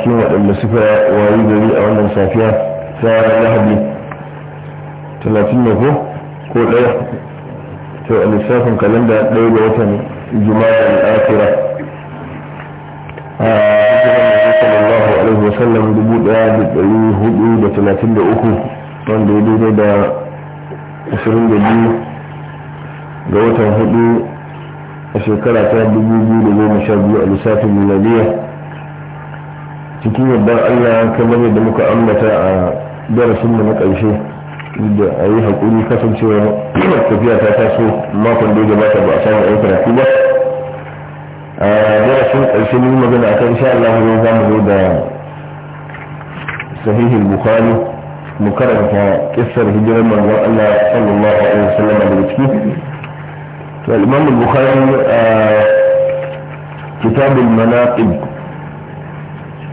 cikin waɗanda suka wayi gari a wannan safiya ta lahadi talatin ko ko ɗaya to a lissafin kalanda ɗaya da watan da akira a sallallahu alaihi wasallam dubu ɗaya da ɗari hudu da talatin da uku wanda ya daidai da ashirin da biyu ga watan hudu a shekara ta dubu biyu da goma sha biyu a lissafin miladiyya cikin yadda allah kamar yadda muka ambata a darasin da na ƙarshe da a yi haƙuri kasancewa tafiya ta taso makon da ya gabata ba a samu ayi karatu ba a darasin ƙarshe ne magana a kan sha allah ne za mu zo da sahihin bukhari mu karanta kissar hijirar manzon allah sallallahu alaihi wasallam daga ciki to al-imam bukhari a kitabul manaqib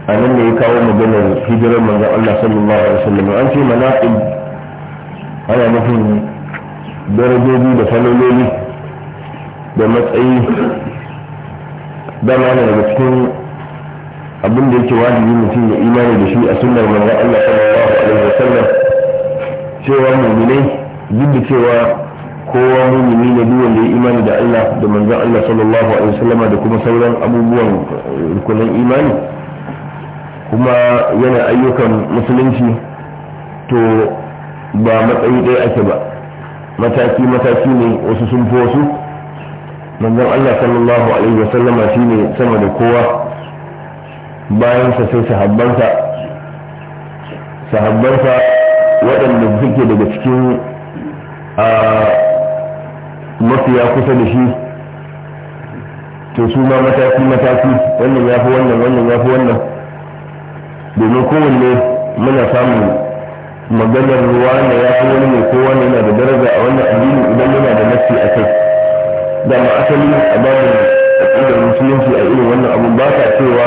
a nan ne ya kawo maganar hijirar manzon Allah sallallahu alaihi wasallam an ce manaqib ana nufin darajoji da falololi da matsayi dama yana daga cikin abin da yake wajibi mutum ya imani da shi a sunnar manzon Allah sallallahu alaihi wasallam cewa mu'minai duk da cewa kowa mumini ne duk wanda ya imani da Allah da manzon Allah sallallahu alaihi wasallama da kuma sauran abubuwan eh, rukunin imani kuma yana ayyukan musulunci to ba matsayi ɗaya ake ba mataki mataki ne wasu sun fi wasu manzon Allah sallallahu alaihi wasallama shi ne sama da kowa bayansa sai sahabbansa sahabbansa waɗanda suke daga cikin a mafiya kusa da shi to su ma mataki mataki wannan ya fi wannan wannan ya fi wannan domin kowanne muna samun maganar ruwa ne ya fi wani ne kowa yana da daraja a wannan addini idan yana da nafi a kai da ma asali a babin aƙidar musulunci a irin wannan abun ba ka cewa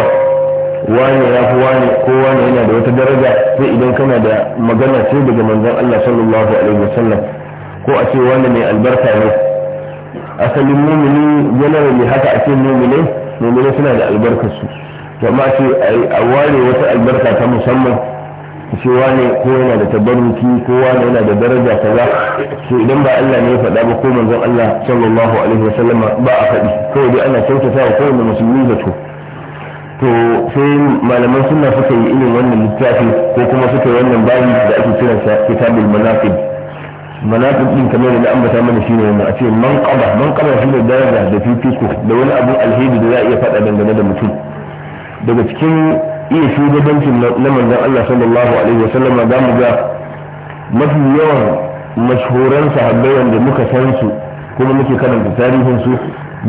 wane ya fi wane ko yana da wata daraja sai idan kana da magana ce daga manzon Allah sallallahu alaihi wasallam ko a ce wane mai albarka ne asalin mumini generally haka ake mumini mumini suna da albarkarsu su jama'a ce a ware wata albarka ta musamman ce wane ko yana da tabarruki ko wane yana da daraja kaza to idan ba Allah ne ya faɗa ba ko manzon Allah sallallahu alaihi wasallama ba a faɗi kawai dai ana kyautata wa kowane musulmi da to to sai malaman suna suka yi irin wannan littafi ko kuma suka yi wannan bayi da ake kiransa kitabul manaqib manaqib din kamar da ambata mana shine wannan a ce man qaba man shine daraja da fifiko da wani abu alheri da za a iya faɗa dangane da mutum daga cikin iya shugabancin na manzon Allah sallallahu alaihi wasallam za mu ga mafi yawan mashhuran sahabbai wanda muka san su kuma muke karanta tarihin su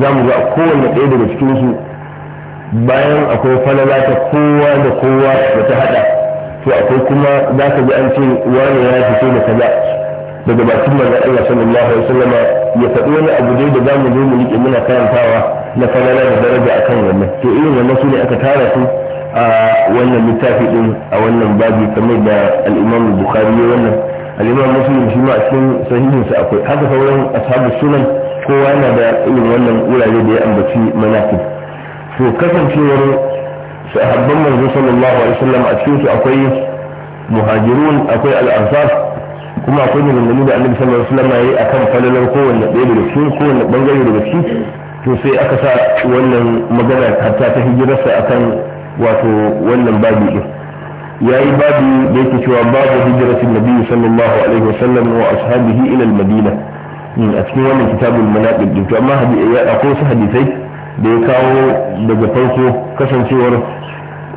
za mu ga kowanne ɗaya daga cikin su bayan akwai falala ta kowa da kowa da ta hada to akwai kuma za ka ji an ce wani ya fito da kaza daga bakin manzon Allah sallallahu alaihi wasallama ya faɗi wani abu dai da zamu zo mu rike muna karantawa na falala da daraja akan wannan to irin wannan sune aka tara su a wannan littafi din a wannan babi kamar da al-Imam Bukhari wannan al-Imam Muslim shi ma a cikin sahihin sa akwai haka sauran ashabu sunan kowa yana da irin wannan wurare da ya ambaci manaqib to kasancewar sahabban manzo sallallahu alaihi wasallam a cikin su akwai muhajirun akwai al-ansar kuma akwai maganganu da annabi sallallahu alaihi wasallam yayi akan falalar kowanne ɗaya daga cikin kowanne bangare daga ciki to sai aka sa wannan magana hatta ta hijirarsa akan wato wannan babi din yayi babi da yake cewa babu hijiratin nabi sallallahu alaihi wasallam wa ashabihi ila al-madina hmm, a cikin wannan kitabul manaqib din to amma hadisi akwai wasu hadisai da ya kawo daga farko kasancewar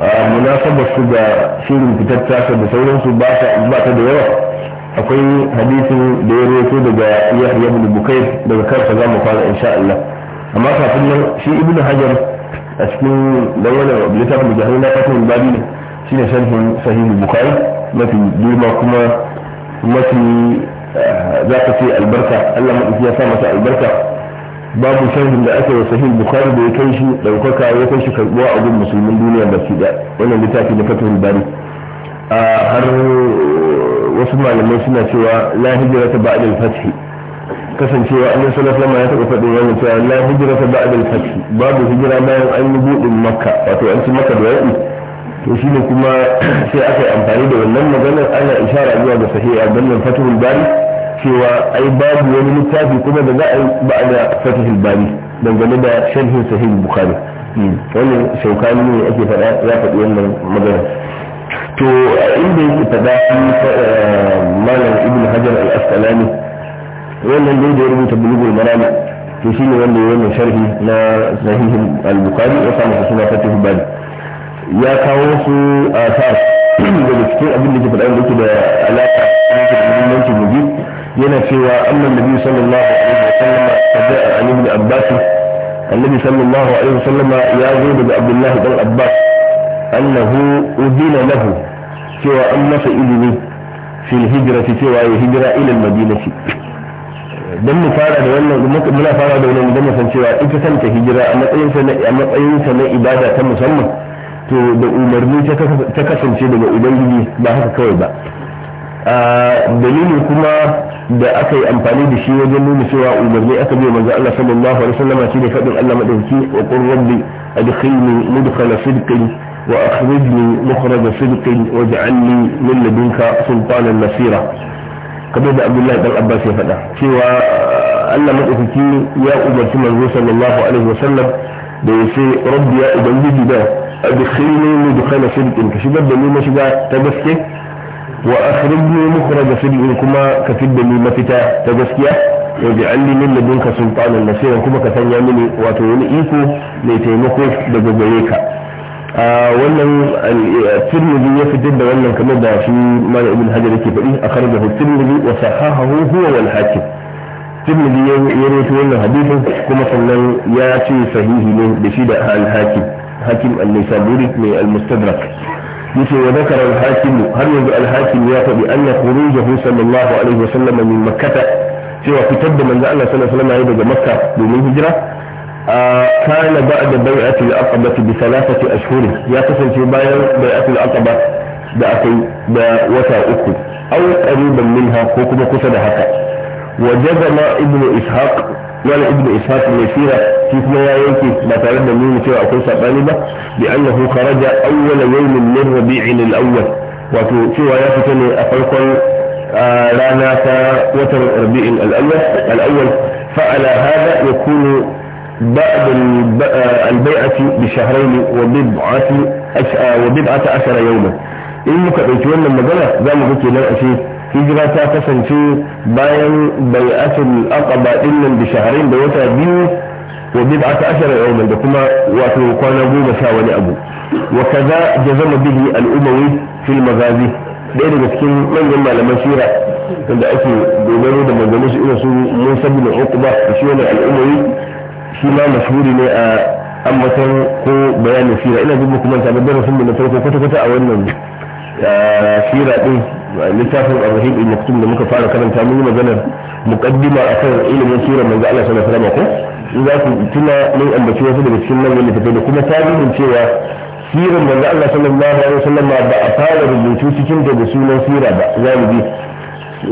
ah, munasabar su ga shirin fitar da sauransu ba ta da yawa akwai hadisin da ya roto daga yahya ibn bukai daga kansa za mu fara insha Allah amma kafin nan shi ibn hajar a cikin dangane littafin da na fatin babi ne shine sharhin sahih bukai mafi girma kuma mafi za ka ce albarka Allah madauki ya sa masa albarka babu sharhin da aka yi sahih bukai da ya kai shi daukaka ya kai shi karbuwa a gun musulmin duniya su da wannan littafi da fatin babi har wasu malamai suna cewa la hijira ta ba'dal fathi kasancewa annabi sallallahu alaihi ya taɓa faɗin wannan cewa la hijira ta ba'dal fathi babu hijira bayan an yi maka makka wato an ci makka da yaƙi to shine kuma sai aka yi amfani da wannan maganar ana ishara zuwa ga sahiha bannan fatihul bari cewa ai babu wani littafi kuma da za a yi ba'da fatihul bari dangane da sharhin sahih bukhari hmm. wannan shaukani ne ake faɗa ya faɗi wannan maganar to inda yake fada eh, malam ibn hajar al-asqalani wannan dai da ya rubuta bulugul marami to shine wanda ya wannan sharhi na sahihin al-bukhari ya samu suna fatih bani ya kawo su a sas daga cikin abin da ke fada da yake da alaƙa da muhimmanci muji yana cewa annan nabi sallallahu alaihi wa sallam da an ibn abbas annabi sallallahu alaihi wa sallam ya zo daga abdullahi dan abbas annahu udina lahu cewa an masa ilimi fil hijrati cewa ya hijira ila madinati dan mu fara da wannan muna fara da wannan dan mu san cewa ita kanta hijira a matsayin sa a matsayin sa na ibada ta musamman to da umarni ta kasance daga ubangiji ba haka kawai ba dalili kuma da aka yi amfani da shi wajen nuna cewa umarni aka biya manzo Allah sallallahu alaihi wasallam shi ne fadin Allah madaukaki wa qur rabbi adkhilni mudkhala sidqin وأخرجني مخرج صدق واجعلني من لدنك سلطانا نصيرا kamar da abdullahi dan abbas ya faɗa cewa allah maɗaukaki ya umarci manzo sallallahu alaihi wasallam da ya ce rabbi ya ubangiji da adkhilni mudkhala sidqin ka shigar da ni mashiga ta gaske wa akhrijni mukhraja sidqin kuma ka fidda ni mafita ta gaskiya min ladunka sultanan nasira kuma ka sanya mini wato wani iko mai taimako daga gare ka wannan e, tirmidhi ya fitar da wannan kamar da shi malam ibn hajar yake faɗi a kar da tirmidhi wa sahahahu huwa wal hakim tirmidhi ya rawaito wannan hadisin kuma sannan ya ce sahihi ne da shi da al hakim hakim al-nisaburi mai al-mustadrak yace wa zakara al-hakim har yanzu al-hakim ya faɗi anna khurujahu sallallahu alaihi wa sallam min makkah cewa fitar da manzo Allah sallallahu alaihi wa sallam daga makka domin hijira كان بعد بيعة العقبة بثلاثة أشهر يا في بيعة العقبة بأكي بوتا أكو أو قريبا منها كوكب قصد حقا وجزم ابن إسحاق ولا ابن إسحاق من سيرة في ثنيا ينكي ما تعلم من سيرة قصة سبانبة بأنه خرج أول يوم من ربيع الأول وفي سوى يفتني أفرقا آه، رانا وتر ربيع الأول الأول فعلى هذا يكون بعد آه، البيعة بشهرين آه، وبضعة عشر يوما إن مكتبتون لما جلع ذلك قلت لا أشيء هجرة تاكسن في بيع بيعة الأقبى إلا بشهرين بيوتا بيو وبضعة عشر يوما دكما وتوقان أبو مشاوني أبو وكذا جزم به الأموي في المغازي بين مسكين من جمع لما شيرا عند أكي بيوانو دمجمش إلى سوء موسى بن عقبة بشيوان الأموي shi ma mashhuri ne a ambaton ko bayanin sira ina jin muku manta babbar sun da farko kwata kwata a wannan sira din littafin arrahim ibn maktum da muka fara karanta mun yi magana muqaddima akan ilimin sira manzo Allah sallallahu alaihi wasallam ko in za ku tuna mun ambaci wasu daga cikin manyan littafai da kuma tarihin cewa sirar manzo Allah sallallahu alaihi wasallam ba a fara rubutu cikin da sunan sira ba zalibi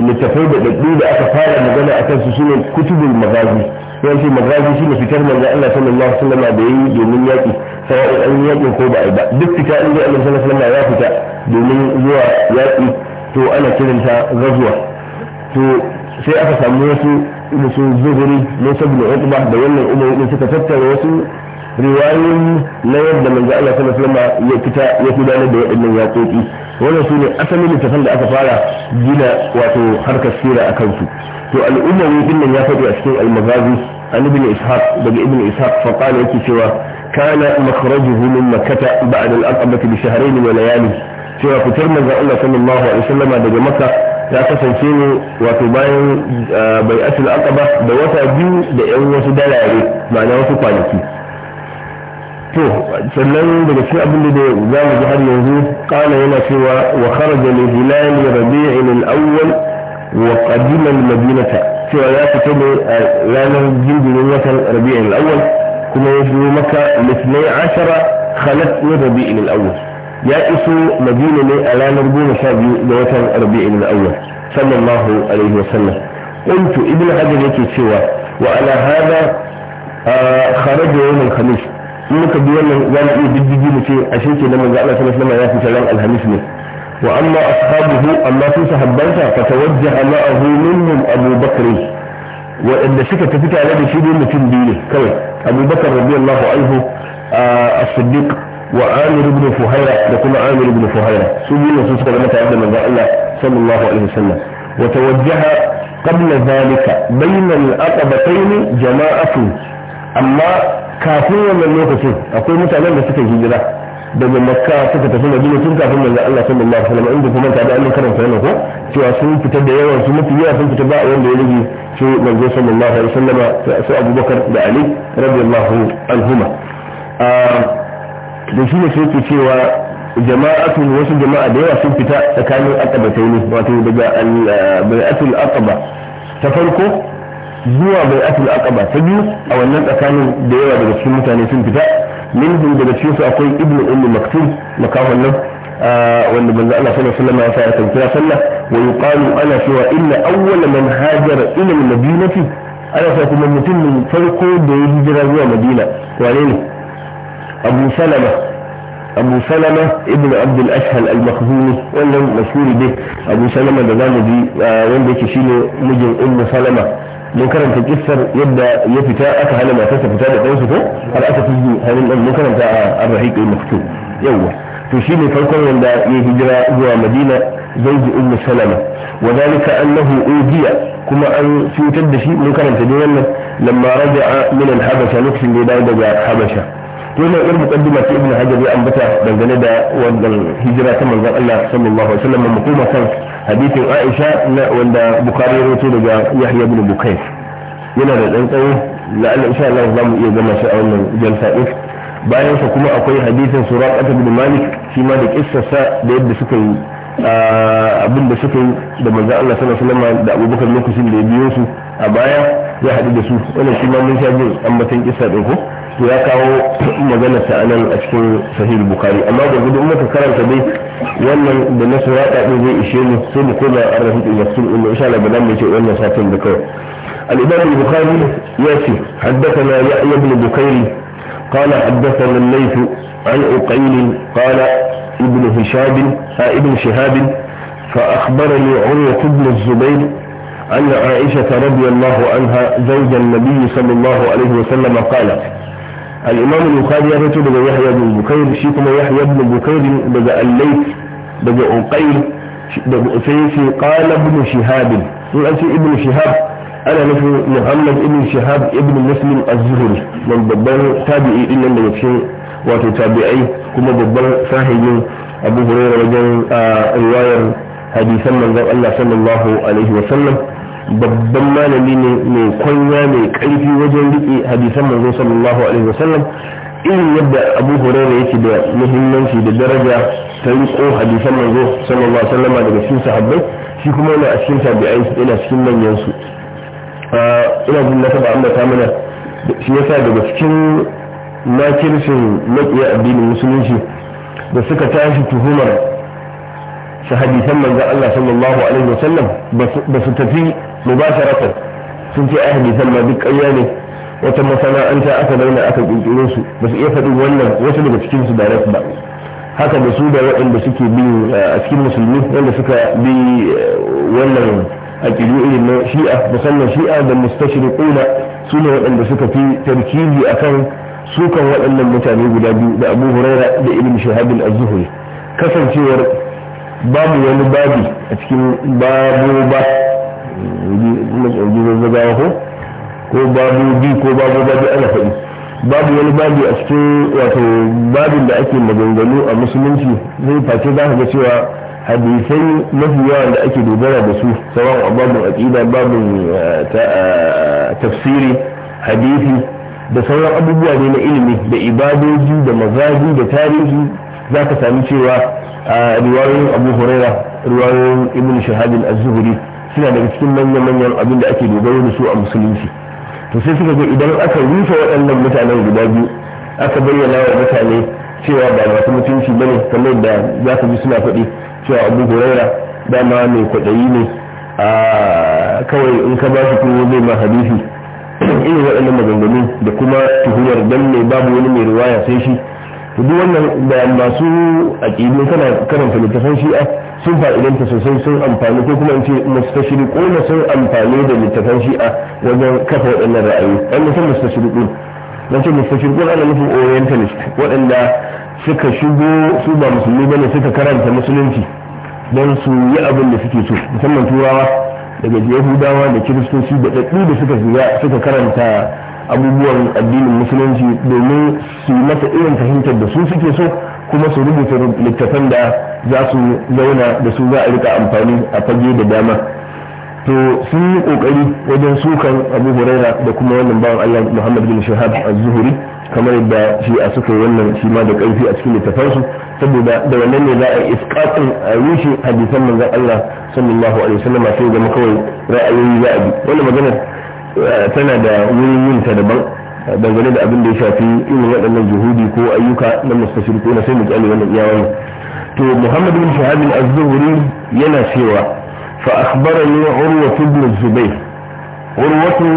littafai da dadi da aka fara magana akan su shine kutubul magazi ya ce magazi shi ne fitar manzo Allah sallallahu alaihi wasallam da yayi domin yaki sawa'in an yi yakin ko ba a ba duk fita inda Allah sallallahu alaihi wasallam ya fita domin zuwa yaki to ana kiranta gazuwa to sai aka samu wasu musu zuhuri musa bin utba da wannan umar din suka tattara wasu riwayoyi na yadda manzo Allah sallallahu alaihi wasallam ya fita ya gudanar da waɗannan yaƙoƙi wannan su ne asalin littafan da aka fara gina wato harkar sira a kansu to al'ummawi din nan ya faɗi a cikin al-maghazi an ibn ishaq daga ibn ishaq fa qala yake cewa kana makhrajuhu min makkah ba'da al-aqabati bi shahrayn wa layali cewa fitar manzon Allah sallallahu alaihi wasallam daga makka ya kasance ne wato bayan ah, bai asil aqaba da wata biyu da yan wasu dalare ma'ana wasu kwanaki to sannan daga cikin abin da za mu ji har yanzu kana yana cewa wa kharaja li hilal rabi'in al-awwal wa qadima al-madinata cewa ya fito ne a ranar jinjirin watan rabi'in al-awwal kuma ya zo maka litnai ashara khalat min rabi'in al-awwal ya iso madina ne a ranar goma sha biyu ga watan rabi'in al-awwal sallallahu alaihi wa sallam qultu ibn hajar yake cewa wa ala hada ah, kharaja yawm al-khamis in muka bi wannan za mu iya diddigi mu ce ashe ke nan manzo Allah sallallahu alaihi wasallam ya fita ran alhamis ne wa amma ashabuhu amma sun sahabbansa fatawajjaha ma'ahu minhum Abu Bakr wa inda suka tafi tare da shi ne mutum biyu ne kawai Abu Bakr radiyallahu anhu as-Siddiq wa Amir ibn Fuhaira da kuma Amir ibn Fuhaira su biyu sun suka zama tare da manzo Allah sallallahu alaihi wasallam wa tawajjaha qabla dhalika bayna al-aqabatayn jama'atu amma kafin wannan lokacin akwai mutanen da suka hijira daga makka suka tafi madina tun kafin manzo Allah sallallahu alaihi wasallam inda kuma ta da Allah karanta wannan ko cewa sun fita da yawan su mafi yawa sun fita ba wanda ya rage su manzo sallallahu alaihi wasallam sai Abubakar da Ali radiyallahu anhuma ah, da shi ne sai ke cewa jama'atun wasu jama'a da yawa sun fita tsakanin aqabatai ne wato daga al-bai'atul ah, aqaba ta farko zuwa bai aka ba ta biyu a wannan tsakanin da yawa daga cikin mutane sun fita minhum daga cikin su akwai ibnu ummu maktum makawan nan wanda manzo Allah sallallahu alaihi wasallam ya fara kira sallah wa yuqalu ana cewa inna awwala man hajara ila al-madinati ana cewa kuma mutumin farko da ya hijira zuwa madina wane ne abu salama abu salama ibn al ashhal al-makhzumi wannan mashhuri ne abu salama da zamu ji wanda yake shine mijin ummu salama منكرن في الجسر يبدا يفتاء هل ما تسى فتاء دوسته هل اتى في هل المنكرن الرهيق المكتوب يوه في شيء من فرق من دا يهجر هو مدينة زوج أم سلمة وذلك أنه أوجي كما أن في تدشي منكرن في دينا لما رجع من الحبشة نفسه لدينا دا حبشة ثم يقول مقدمة ابن حجر يأنبتا بل دا والهجرة قال الله صلى الله عليه وسلم مقومة سلسل hadisin aisha na wanda bukari ya rawaito daga yahya ibn bukai yana da dan tsawo la'alla insha Allah za mu iya gama shi a wannan jalsa din bayan sa kuma akwai hadisin suraqah ibn malik shi ma da kissarsa da yadda suka yi abin da suka yi da manzon Allah sallallahu alaihi wasallam da Abubakar lokacin da ya biyo su a baya ya haɗu da su wannan shi ma mun sha jin ambaton kissa din ko to ya kawo magana sa'anan a cikin sahih bukari amma da gudun muka karanta dai wannan da na sura surata dai zai ishe mu sai mu koma an rafi din yasin inna insha Allah bala mu ce wannan satin da kai al-imam al-bukhari ya ce haddathana ya'ya ibn bukairi qala haddathana al-layth an uqayl qala ibn hishab fa ibn shihab fa akhbarani عروة ibn zubayr أن عائشة رضي الله عنها زوج النبي صلى الله عليه وسلم قالت الإمام البخاري يا ريتو يحيى بن بكير شيكما يحيى بن بكير دقى الليث دقى أقيل سيسي قال ابن شهاب يقول ابن شهاب أنا نفي محمد ابن شهاب ابن مسلم الزهري من ببان تابعي إلا من يكشن واتو تابعي كما ببان صاحب أبو هريرة وجن آه، رواية حديثا من الله صلى الله عليه وسلم babban malami ne mai kwanya mai karfi wajen riƙe hadisan manzo sallallahu alaihi wasallam irin yadda abu hurairah yake da muhimmanci da daraja ta riƙo hadisan manzo sallallahu alaihi wasallam daga cikin sahabbai shi kuma yana a cikin tabi'ai yana cikin manyan su ina jin na taɓa ta mana shi yasa daga cikin makircin maƙiya addinin musulunci da suka tashi tuhumar su hadisan manzan Allah sallallahu alaihi wasallam ba su tafi mubasharatan sun ce ai hadisan duk ƙarya ne wata masana'anta aka zauna aka kirkiro su ba su iya faɗin wannan wasu daga cikin su direct ba haka da su da waɗanda suke bi a cikin musulmi wanda suka bi eh, wannan aƙidu irin na shi'a musamman shi'a da ƙuna su ne waɗanda suka fi tarkibi akan sukan waɗannan mutane guda biyu da abu huraira da ibn shahabin az kasancewar babu wani babi a cikin babu ba zazzaga ko ko babu bi ko babu babu ana faɗi babu wani babu a cikin wato babin da ake maganganu a musulunci zai face za ka ga cewa hadisai mafi yawan da ake dogara da su sawan a babin aƙida babin eh, eh, tafsiri hadisi da sauran abubuwa ne na ilimi da ibadoji da mazaji da tarihi za ka sami cewa a eh, riwayoyin abu huraira riwayoyin ibn shahadin az-zuhri suna daga cikin manya-manyan abin da ake dogaro da su a musulunci to sai suka ga idan aka rufe waɗannan mutanen guda biyu aka bayyana wa mutane cewa ba masu mutunci ba ne kamar da za ka ji suna faɗi cewa abu huraira dama mai kwaɗayi ne a kawai in ka ba shi kuma zai ma hadisi irin waɗannan maganganu da kuma tuhumar dan ne babu wani mai riwaya sai shi duk wannan da masu aƙidu kana karanta littafin shi'a sun fa'idanta sosai sun amfani ko kuma in ce mustashiri ƙona sun amfani da littafin shi'a wajen kafa waɗannan ra'ayi an san mustashiri ƙun na ce mustashiri ana nufin orientalist waɗanda suka shigo su ba musulmi bane suka karanta musulunci don su yi abin da suke so musamman turawa daga yahudawa da kiristoci da da suka shiga suka karanta abubuwan addinin musulunci domin su mata irin fahimtar da su suke so kuma su rubuta littattafan da za su zauna da su za a rika amfani a fage da dama to sun yi kokari wajen sukan abu huraira da kuma wannan bawan allah muhammad bin shahab az-zuhuri kamar yadda shi a suka yi wannan shi ma da karfi a cikin littafansu saboda da wannan ne za a yi iskatsin a rushe hadisan manzon allah sallallahu alaihi wasallam sai zama kawai ra'ayoyi za a bi wannan maganar Eh, tana da wurin yin ta daban eh, dangane da abin da ya shafi irin waɗannan juhudi ko ayyuka na mustashirku na sai mu kyale wannan iyawan to muhammad bin shahab az-zuhri yana cewa fa akhbarani urwa ibn zubair urwatu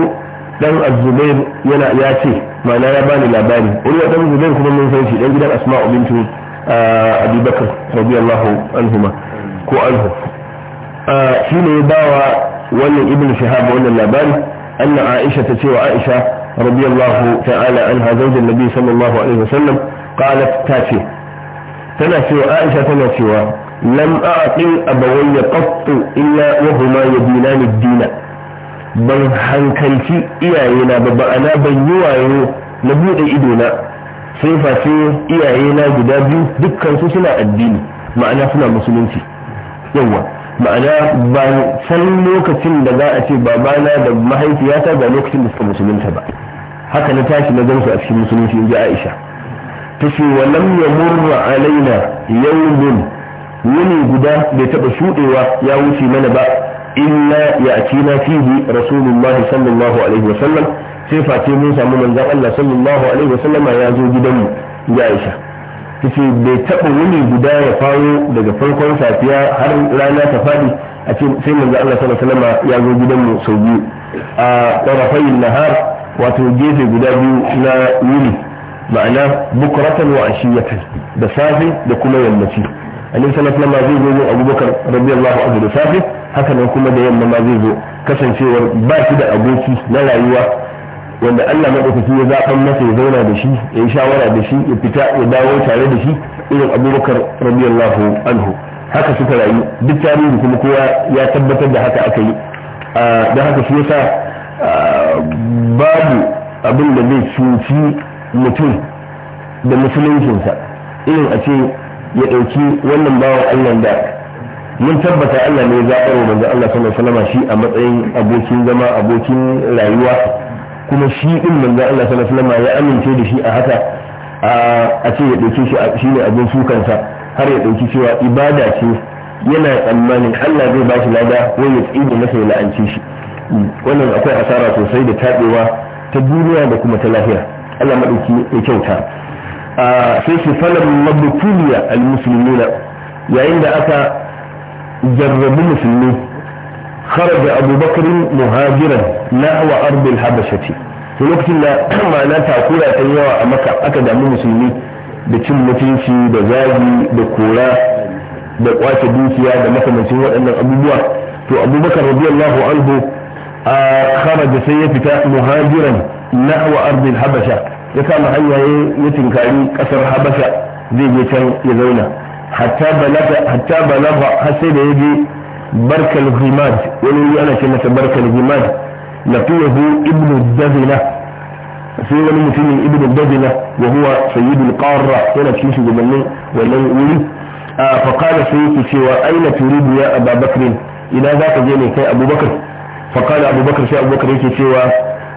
dan az-zubair yana ya ce ma'ana ya bani labari urwa dan zubair kuma mun san shi dan gidan asma'u bintu eh, abi bakr radiyallahu anhuma ko anhu shi ne ya bawa wannan ibn shahab wannan labari أن عائشة تسوى عائشة رضي الله تعالى عنها زوج النبي صلى الله عليه وسلم قالت تاتي تنا سوى عائشة تنا سوى لم أعطي أبوي قط إلا وهما يدينان الدين ban hankalci iyayena ba ba'ana ban yi wayo na buɗe idona sai face iyayena guda biyu dukkan su suna addini ma'ana suna musulunci yawa ma'ana ba san lokacin da za a ce babana da mahaifiyata ba lokacin da suka musulunta ba haka na tashi na gansu a cikin musulunci in ji aisha ta ce wa lam ya murra alaina yawmin wuni guda bai taba shudewa ya wuce mana ba illa ya na fihi rasulullahi sallallahu alaihi wasallam sai face mun samu manzon Allah sallallahu alaihi wasallama ya zo gidanmu ya aisha kace bai taɓa wuni guda ya faro daga farkon safiya har rana ta faɗi a ce sai manzo Allah sallallahu alaihi wasallam ya zo gidan mu sau biyu a qarafai nahar wato gefe guda biyu na wuni ma'ana bukratan wa ashiyatan da safe da kuma yammaci annabi sallallahu alaihi wasallam zai zo Abubakar radiyallahu anhu da safe haka nan kuma da yamma ma zai zo kasancewar ba shi da aboki na rayuwa wanda Allah madaukaki ya zaɓan masa ya zauna da shi ya yi shawara da shi ya fita ya dawo tare da shi irin abubakar radiyallahu anhu haka suka rayu duk tarihi kuma kowa ya tabbatar da haka aka yi ah, da haka shi yasa ah, babu abin da zai cuci mutum da musuluncinsa irin a ce ya ɗauki wannan bawan allah da mun tabbata allah ne ya zaɓar wa manzon allah sallallahu alaihi shi a matsayin abokin zama abokin rayuwa kuma shi din manzo Allah sallallahu alaihi wasallam ya amince da shi a haka a ce ya dauke shi shine abin sukansa har ya dauki cewa ibada ce yana tsammanin Allah zai bashi lada wai ya tsine masa ya la'ance shi wannan akwai asara sosai da tabewa ta duniya da kuma ta lafiya Allah madauki ya kyauta sai su falan mabutuliya almuslimina yayin da aka jarrabu musulmi خرج أبو بكر مهاجرا نحو أرض الحبشة to lokacin da ma'ana takura ta yawa a maka aka damu musulmi da cin mutunci da zagi da kora da kwace dukiya da makamancin waɗannan abubuwa to abubakar radiyallahu anhu a kharaja sai ya fita muhajiran nahwa ardil habasha ya kama hanya ya tinkari kasar habasha zai je can ya zauna hatta balaga hatta balaga har sai da ya je barka al-zimad wani wuri ana ce masa barka al-zimad laqiyahu ibn dazila sai wani mutumin ibn dazila wa huwa sayyidul qarra yana cikin shugabannin wannan wuri fa qala sayyidi cewa aina turidu ya ababakr ina zaka je ne kai abubakar fa qala abubakar sai abubakar yake cewa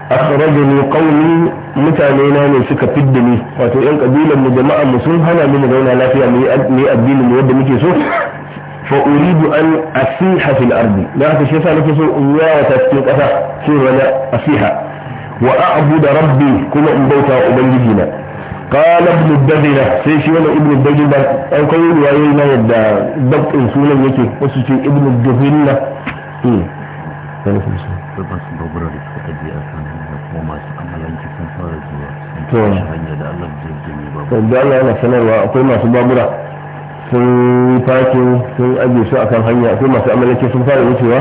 akhrajani qaumi mutane na ne suka fidda ni wato yan kabilan mu jama'an mu sun hana mu zauna lafiya mu yi addinin mu yadda muke so فأريد أن أسيح في الأرض لا تشفى لك سوء الله وتسيق أفا سوء ولا أسيح وأعبد ربي كما أبوتا أبنجينا قال ابن الدجلة سيشي ولا ابن الدجلة أو كيول وعينا يدى ضبط إنسولا يكي وسيشي ابن الدجلة إيه ثلاثة مسلم بس ببراري فتجي أسان وما sun fakin sun ajiye su akan hanya akwai masu amalanci sun fara wucewa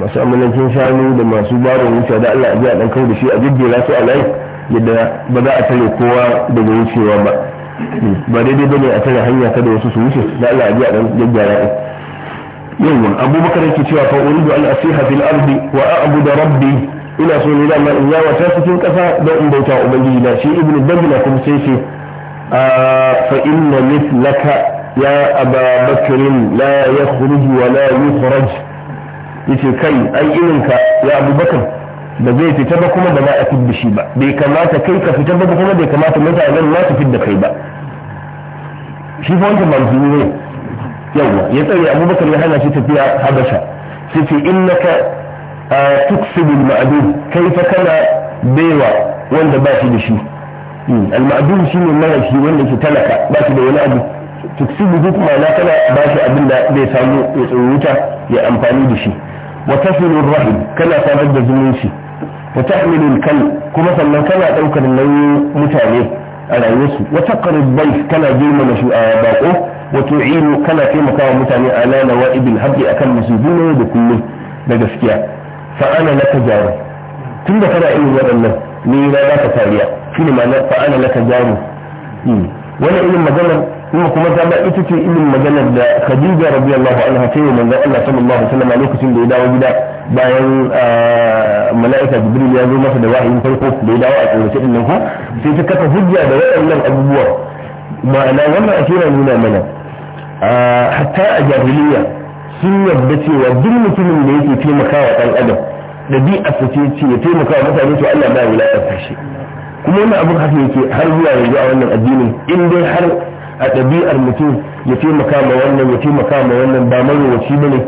masu amalancin shanu da masu barin wuce da Allah ya dan kai da shi a jiddi su a layi yadda ba za a tare kowa daga wucewa ba ba daidai ba ne a tare hanya kada wasu su wuce da Allah ya dan gaggara yawa abubakar yake cewa fa uridu an asiha fil ardi wa a'budu rabbi ina so ne da ma in yawa ta cikin kasa don in bauta ubangiji da shi ibnu dabila kuma sai shi. فإن مثلك يا أبا بكر لا يخرج ولا يخرج yace kai ai irinka ya abubakar da zai fita ba kuma ba za a fidda shi ba bai kamata kai ka fita ba kuma bai kamata mutanen na su fidda kai ba shi fa wanda manzuri ne yawa ya tsare abubakar ya hana shi tafiya habasha sai ce innaka tuksibu al-ma'dud kai fa kana baiwa wanda ba shi da shi al-ma'dum shine marashi wanda ke talaka ba shi da wani abu tuksibu duk ma'ana kana ba shi abin da bai samu ya tsoro ya amfani da shi wa tasilu rahim kana sadar da zumunci wa tahmilu kal kuma sannan kana daukar nauyin mutane a rayuwarsu wa taqrib bayt kana girmama shi a bako wa tu'inu kana taimakawa mutane ala nawa'ibil habbi akan musulmi da kullum da gaskiya fa ana laka jaru tunda kana irin waɗannan ni na baka tariya shi ne fa ana laka jaru hmm. wannan irin magana kuma kuma ta ba ita ce irin magana da khadija radiyallahu anha ta yi manzon Allah sallallahu alaihi wasallam lokacin da ya dawo gida bayan ah, mala'ika jibril ya zo masa da wahayin farko da ya dawo a tsorace din nan ko sai ta kafa hujja da waɗannan abubuwa ma'ana wannan ake kira nuna mana ah, hatta a jahiliya sun yarda cewa duk mutumin da yake taimakawa ɗan adam da ɗabi'a su ce ya taimakawa mutane to Allah ba ya wulaƙanta shi kuma wannan abin haka yake har zuwa yanzu a wannan addinin in dai har a ɗabi'ar mutum ya taimaka ma wannan ya taimaka ma wannan ba marowaci ba ne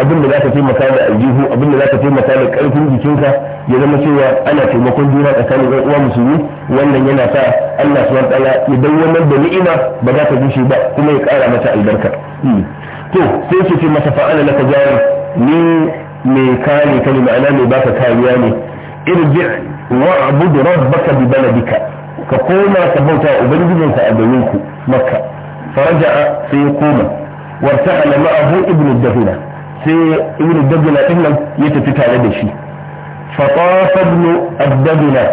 abin da za ka taimaka da aljihu abin da za ka taimaka da ƙarfin jikinka ya zama cewa ana taimakon juna tsakanin ɗan uwa musulmi wannan yana sa Allah subhanahu wataala ya dawwamar da ni'ima ba za ka gushe ba kuma ya ƙara mata albarka hmm. to sai ce ce masa fa'ala laka jawar ni mai kare ka ne ma'ana mai baka kariya ne irji' واعبد ربك ببلدك فقوم كبوتا موتى أبنجنك أبنينك مكة فرجع سيقوم وارتحل معه ابن الدهنة سي ابن الدهنة ابن يتفتع لدشي فطاف ابن الدهنة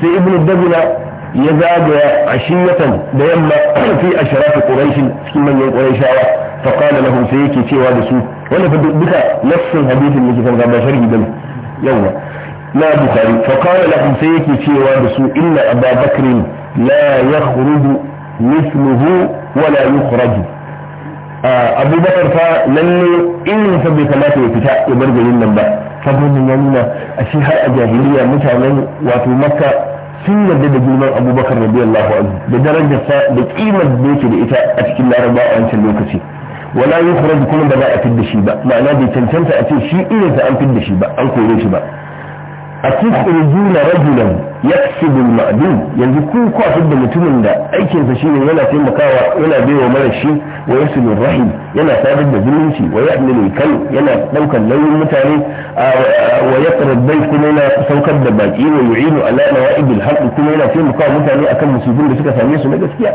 سي ابن الدهنة يزاد عشية بيما في أشراف قريش سكما من قريش فقال لهم سيكي تي وادسو ولا فبدك نفس الحديث اللي كان قبل شرقي يوم na bukari fa qala sai yake cewa da su inna ababakr la yakhruju mithluhu wa la yukhraju abubakar fa lalle irin sa bai kamata ya fita ya bar garin nan ba saboda ya nuna a shi har a jahiliya mutanen wato makka sun yarda da girman abubakar radiyallahu anhu da darajarsa da kimar da yake da ita a cikin laraba a wancan lokaci wala yukhraj kuma ba za a fidda shi ba ma'ana bai cancanta a ce shi irinsa an fidda shi ba an kore shi ba a tukhrijuna rajulan yaksubu al-ma'dum yanzu ku kwa da mutumin da aikinsa shine yana taimakawa yana baiwa mara shi wa yasilu rahim yana sadar da zumunci wa ya'milu kan yana daukan nauyin mutane wa yaqrab bai kuma yana saukar da baki wa yu'inu ala nawa'ibil haqq kuma yana taimakawa mutane akan musibin da suka same su na gaskiya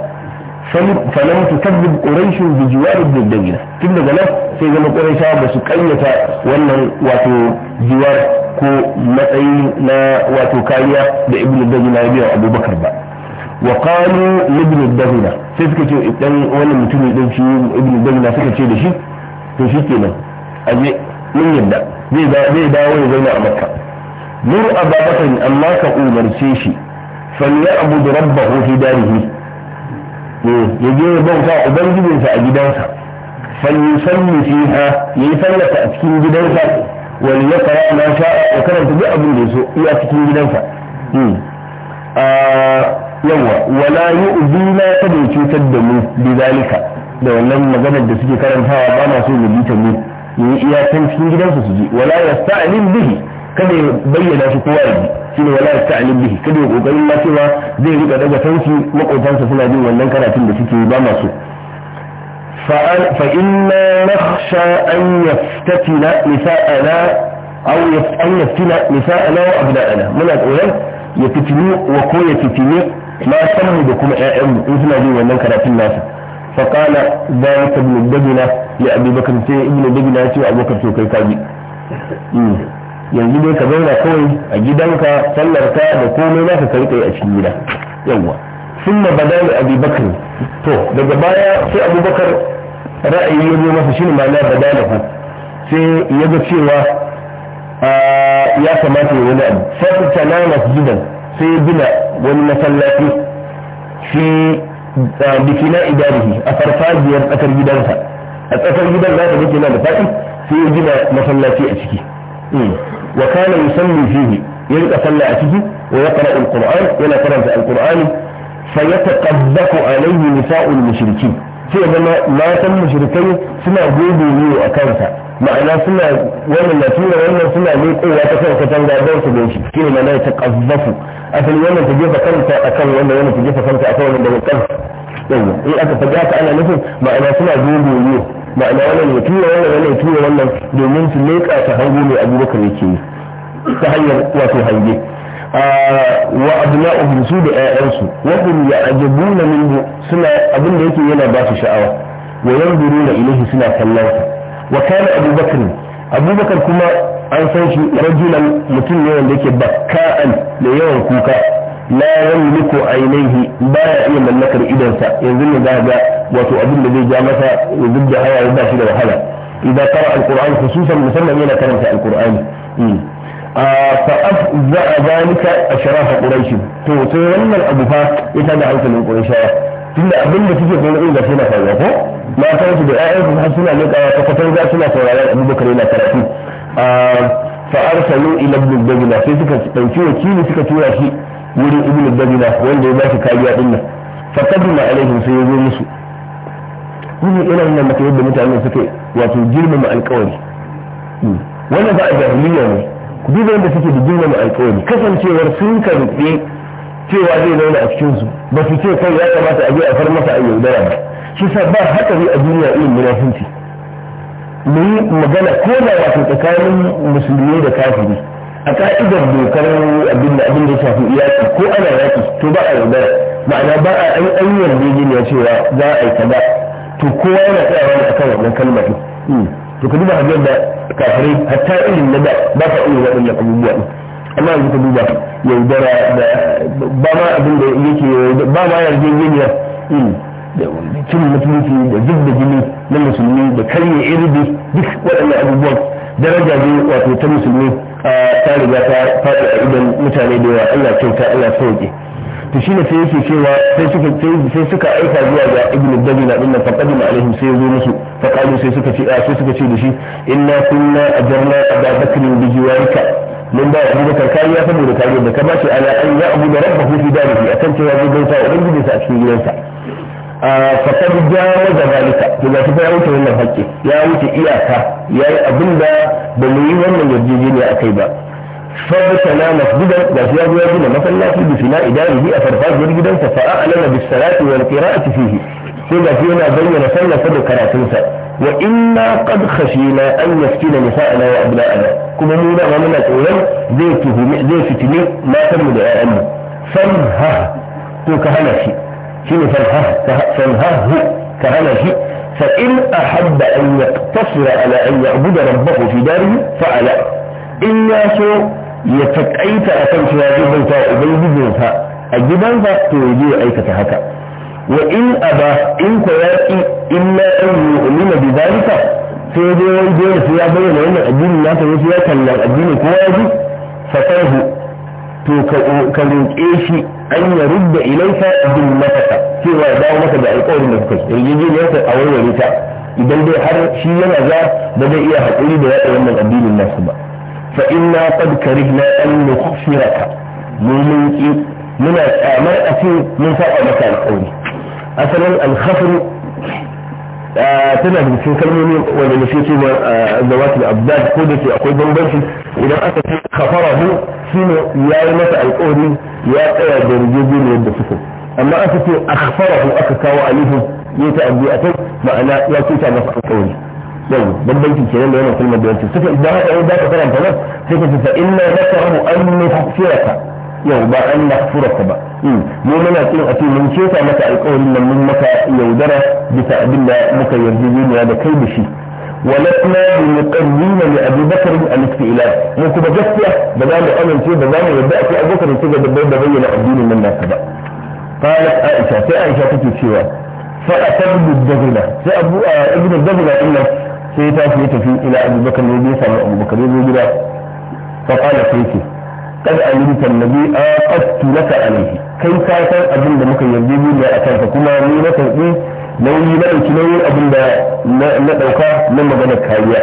falam tu kazzib quraish bi jiwar ad-dabina tun daga nan sai zama quraisha ba su kayyata wannan wato jiwar ko matsayi na wato kariya da ibnu dabina ya biya abubakar ba wa qalu ibnu dabina sai suka ce idan wani mutumi din shi ibnu dabina suka ce da shi to shikenan aje mun yadda zai dawo ya zauna a makka nur amma ka umarce shi فليعبد ربه في داره Eh, ya je ya bauta ubangijinsa a gidansa falyusalli ya yi sallata a cikin gidansa ya yaqra ma sha'a ya karanta duk abin da so iya cikin gidansa hmm. ah, yawa wala yu'zi la kada cutar da mu bizalika da wannan maganar da suke karantawa ba na so mu bi mu yayi iya cikin gidansa su ji wala yasta'lim bihi kada ya bayyana shi kowa yi shi ne wala ta kada ya kokarin ma cewa zai riga daga tanki makotansa suna jin wannan karatun da suke ba masu fa inna an yaftatina nisa'ana aw yaftatina nisa'ana wa abna'ana muna tsoron ya fitini wa ko ya fitini ma sanmu da kuma ƴaƴan in suna jin wannan karatun nasu fa qala dalika ibn dabina ya abubakar sai ibn ya ce abubakar to kai ka bi yanzu dai ka zauna kawai a gidanka sallar ka da komai za ka kai a cikin gida yawwa sun na badali abubakar to daga baya sai abubakar ra'ayi ya zo masa shine ma'ana ku sai ya ga cewa ya kamata ya wani abu sai ta na masjidan sai gina wani masallaci fi bikina idarihi a farfajiyar tsakar gidansa a tsakar gidan za ka ga na da faɗi sai ya gina masallaci a ciki hmm. wa kana yusalli fihi ya rika sallah a ciki wa yaqra alquran yana karanta alqurani fa yataqaddaku alayhi nisa'ul mushrikin sai zama matan mushrikai suna gobe ne a kansa ma'ana suna wannan na wannan suna ne kowa ta kan katanga don su gan shi shi ne ma'ana ta kazzafu asali wannan ta jefa kanta akan wannan wannan ta jefa kanta akan wannan daga kan yawa in aka faɗi haka ana nufin ma'ana suna gobe ne ma'ana wannan ya wannan ya wannan domin su leƙa ta hango ne abubakar yake yi ta hanyar wato hange ah, wa abna'uhum su da ƴaƴansu wa hum ya'jabuna minhu suna abin da yake yana ba su sha'awa wa yanzuruna ilayhi suna kallon wa kana abubakar abubakar kuma an san shi rajulan mutum ne wanda yake bakka'an da yawan kuka la yamliku ainihi baya iya mallakar sa yanzu ne za ga wato abin da zai ja masa ya zubda hawaye ba shi da wahala idan qara alquran khususan musamman yana karanta alkur'ani. Hmm. فأفزع ذلك أشراف قريش to sai wannan abu fa ya tada hankalin Qurayshawa tunda abin da suke kuma inda suna faruwa ko matan su da ƴaƴan su har suna leƙawa ta kwatan suna sauraron Abu Bakar yana karatu fa arsalu ila Ibn Dabila sai suka dauki wakili suka tura shi wurin Ibn Dabila wanda ya ba shi kariya din nan fa kadima alaihim musu kuma ina nan alƙawari wannan a jahiliya ne ku duba yadda suke da girmama alkawari kasancewar sun karɓe cewa zai zauna a cikin su ba su ce kai ya kamata a je a far masa a yaudara ba shi sa ba hatsari a duniya irin munafunci mu yi magana ko da wato tsakanin musulmi da kafiri a ka'idar dokar abin da abin da ya shafi iyaki ko ana yaki to ba a yaudara ma'ana ba a an an yarjejeniya cewa za a yi kaza to kowa yana tsayawa a kan wannan kalmar hmm. to ka duba hajjar da kafirai hatta irin na da ba sa irin waɗannan abubuwa ɗin amma yanzu ka duba yaudara da ba ma abin da yake ba ma yarjejeniya cin mutunci da duk da jini na musulmi da karye irbi duk waɗannan abubuwan daraja ne wato ta musulmi a riga ta faɗi a idan mutane da yawa Allah kyauta Allah sauke to shine sai yake cewa sai suka sai suka aika zuwa ga ibnu na din nan faqad ma alaihim sai yazo musu faqalu sai suka ce ah, sai suka ce da shi inna kunna ajarna ababakr bi jiwarika mun ba Abu Bakar kariya saboda kariyar da ka bashi ala an ya'budu rabbahu fi darihi akan cewa zai bauta wa ubangijinsa a cikin gidansa ah, fakar jawaza zalika to ga ta ya wuce wannan hakki ya wuce iyaka ya yi ba mu yi wannan yarjejeniya a kai ba فابتلى مسجدا بس يجب يجب مثلا لا في بفناء داره أفرفاز جدا فأعلن بالصلاة والقراءة فيه كما فينا بين سنة سبع كراتنسا وإنا قد خشينا أن يفتن نساءنا وأبناءنا كما مولا ومنا تقولن ذيته ذي فتنه ما تم أمه فانهه كهنا شيء شنو فانهه فانهه كهنا شيء فإن أحب أن يقتصر على أن يعبد ربه في داره فعلى إن يسوء ya taƙaita a kan cewa zai bauta wa ubangijinsa a gidansa to ya je ya aikata haka wa in aba in ko ya ƙi illa an yu'mina bi zalika sai ya je wani je ya bayyana wannan addinin nasa wasu ya kallan addinin kowa ya ji fatahu to ka roƙe shi an ya rubda ilaika bin mataka cewa ya dawo maka da alƙawarin da kuka yi yarjejeniyarsa a warware ta idan dai har shi yana za ba zai iya haƙuri da yaɗa wannan addinin nasu ba فإنا قد كرهنا أن نخفرك إيه؟ من من أعمال أتي من فوق مكان قولي أثلا الخفر آه، تنهب في كلمة ومن في كلمة آه، ذوات الأبداد قدة أقول بمبنش إذا أتت خفره سين يا رمت القوري يا قيد رجيبي ليدفكه أما أتت أخفره أكتا وعليه يتأبئته معنى يا كتا نفق القوري yau bambanci ke nan da yana kalmar da yanci suka idan aka yi baka karanta nan sai ka ce fa inna nakarahu an nuhsiraka yau ba an nahfuraka ba mu muna kin a ce mun keta maka alƙawarin nan mun maka yaudara bisa abin da muka yarjejeniya da kai da shi ولسنا بمقرين لابي بكر الاستئلاف مو كما جسيا بدان امن شيء بدان يبدا في ابو بكر كده بدان بين الدين من الناس بقى قالت عائشه في عائشه تتشوى فاتبد الدغله في ابو ابن الدغله ان sai ya tashi ya tafi ila abubakar ne ya samu abubakar ya zo gida fa qala sai ce kad alimta annabi aqattu laka alayhi kai ka san abin da muka yarda ne a kanka kuma ni na karbi nauyi na dauki nauyin abin da na dauka na magana kariya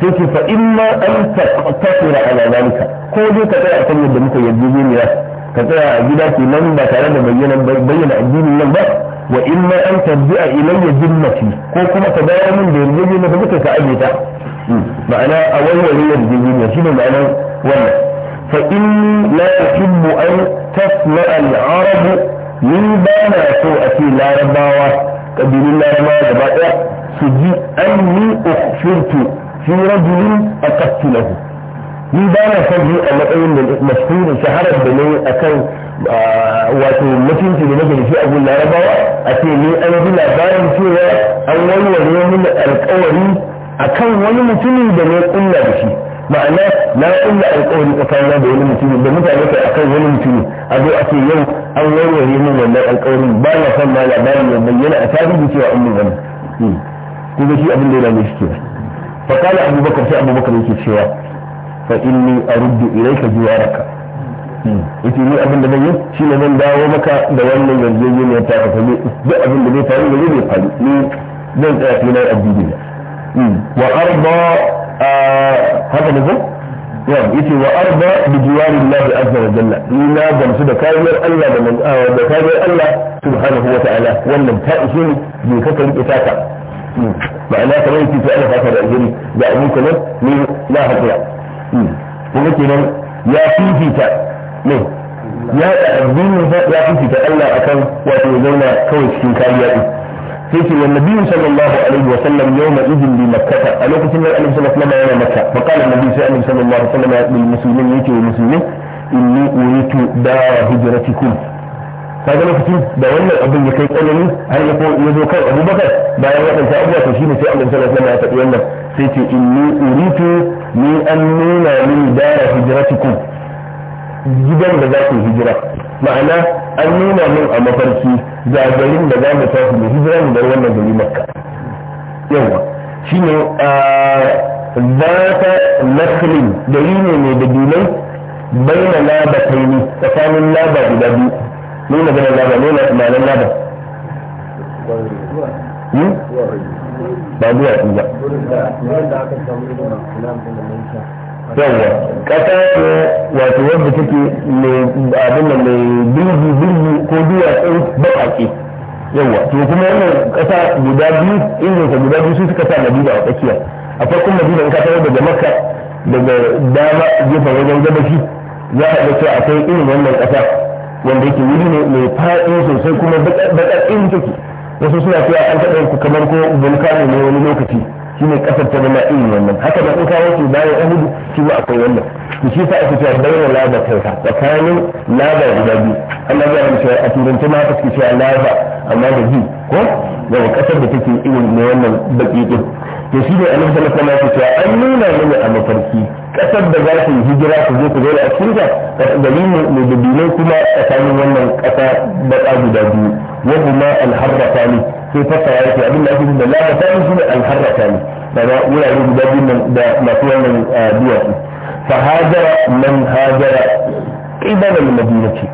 sai ke fa imma an taqtira a zalika ko dai ka tsaya akan yadda muka yarda ne ka tsaya a gida ke nan ba tare da bayyana addinin nan ba wa in ma an tarji'a ilayya jinnati ko kuma ka bayar min da yarjejeniya ka muka ka aje ta hmm. ma'ana a warware yarjejeniya shine ma'anar wannan fa in la tuhibbu an tasma al-arab ni ba na so a ce larabawa kabilun larabawa gaba daya su ji an ni ukhfirtu fi rajulin aqattu ni ba na son a matsayin da mashhurin shaharar da ne a kan wato mutunci da nake da shi a gun larabawa a ce ni an ji labarin cewa an warware mini alkawari a kan wani mutumin da ne kulla da shi ma'ana na kulla alkawari tsakanin da wani mutumi da mutane kai akan wani mutumi a zo a ce yau an warware min wannan alkawarin ba na son ma labarin ya bayyana a tarihi cewa an mu min Ko kuma shi abin da ya dame shi kenan fa kana abubakar sai abubakar yake cewa fa inni aruddu ilayka jiwaraka yace ni abin da zan yi shi ne zan dawo maka da wannan yarjejeniyar ta ka ne duk abin da zai faru da zai faru ni zan tsaya fi na addini wa arda haka ne ko yace wa arda bi jiwarin Allah azza wa jalla ni na gamsu da kariyar Allah da man da kariyar Allah subhanahu wa ta'ala wannan ta ishe ni ne kaka rike taka ma'ana kamar yake ta Allah fata da alheri da abin kuma ni na hakura kuma kenan ya fifita ne ya addinin ya fifita Allah akan wato zauna kawai cikin kariya din sai ce wannan nabi sallallahu alaihi wa sallam yawma idin bi makkah a lokacin da annabi sallallahu alaihi wa sallam yana makkah fa sai annabi sallallahu alaihi wa sallam ya bil muslimin yake wa muslimin inni uritu dara hijratikum kaga lokacin da wannan abin ya kai tsanani har ya ya zo kan abubakar bayan waɗanda abubakar to shine sai annabi sallallahu alaihi wa sallam ya faɗi wannan sai ce inni uritu ni an nuna min dara hijratikum gidan da za ku hijira ma'ana an nuna min a mafarki ga garin da za mu tafi mu hijira mu bar wannan gari makka yawa shine zata nakhlin gari ne mai da dunai baina labataini tsakanin laba guda biyu ne magana laba Nuna, na laba hmm? ba duwatsu ba yawwa kasa wato wanda take abin mai birgi birgi ko duwatsun baƙaƙe yawwa to kuma wannan kasa guda biyu injinsa guda biyu su suka sa madina a tsakiya a farkon madina in ka tarar daga makka daga dama gefen wajen gabashi za a ga cewa akwai irin wannan kasa wanda yake wuri ne mai faɗi sosai kuma baƙaƙe take wasu suna cewa an taɓa ku kamar ko vulkano ne wani lokaci shine kasar ta zama irin wannan haka da in kawo su bayan ahudu shi ma akwai wannan to shi sa ake cewa bayyana lava kanka tsakanin laba guda biyu Allah ya yi a turanci ma haka suke cewa lava amma da bi ko daga kasar da take irin na wannan baki din to shi ne annabi sallallahu alaihi wasallam ya ce an nuna mini a mafarki kasar da za su hijira su je su zauna a cikin ta gari ne da dalilai kuma tsakanin wannan kasa da guda biyu wanda ma alharrata ne sai fassara yake abin da ake da lamata ne shine alharrata ne da wurare guda biyu nan da masu wannan duwatsu fa hajara man hajara qibala al-madinati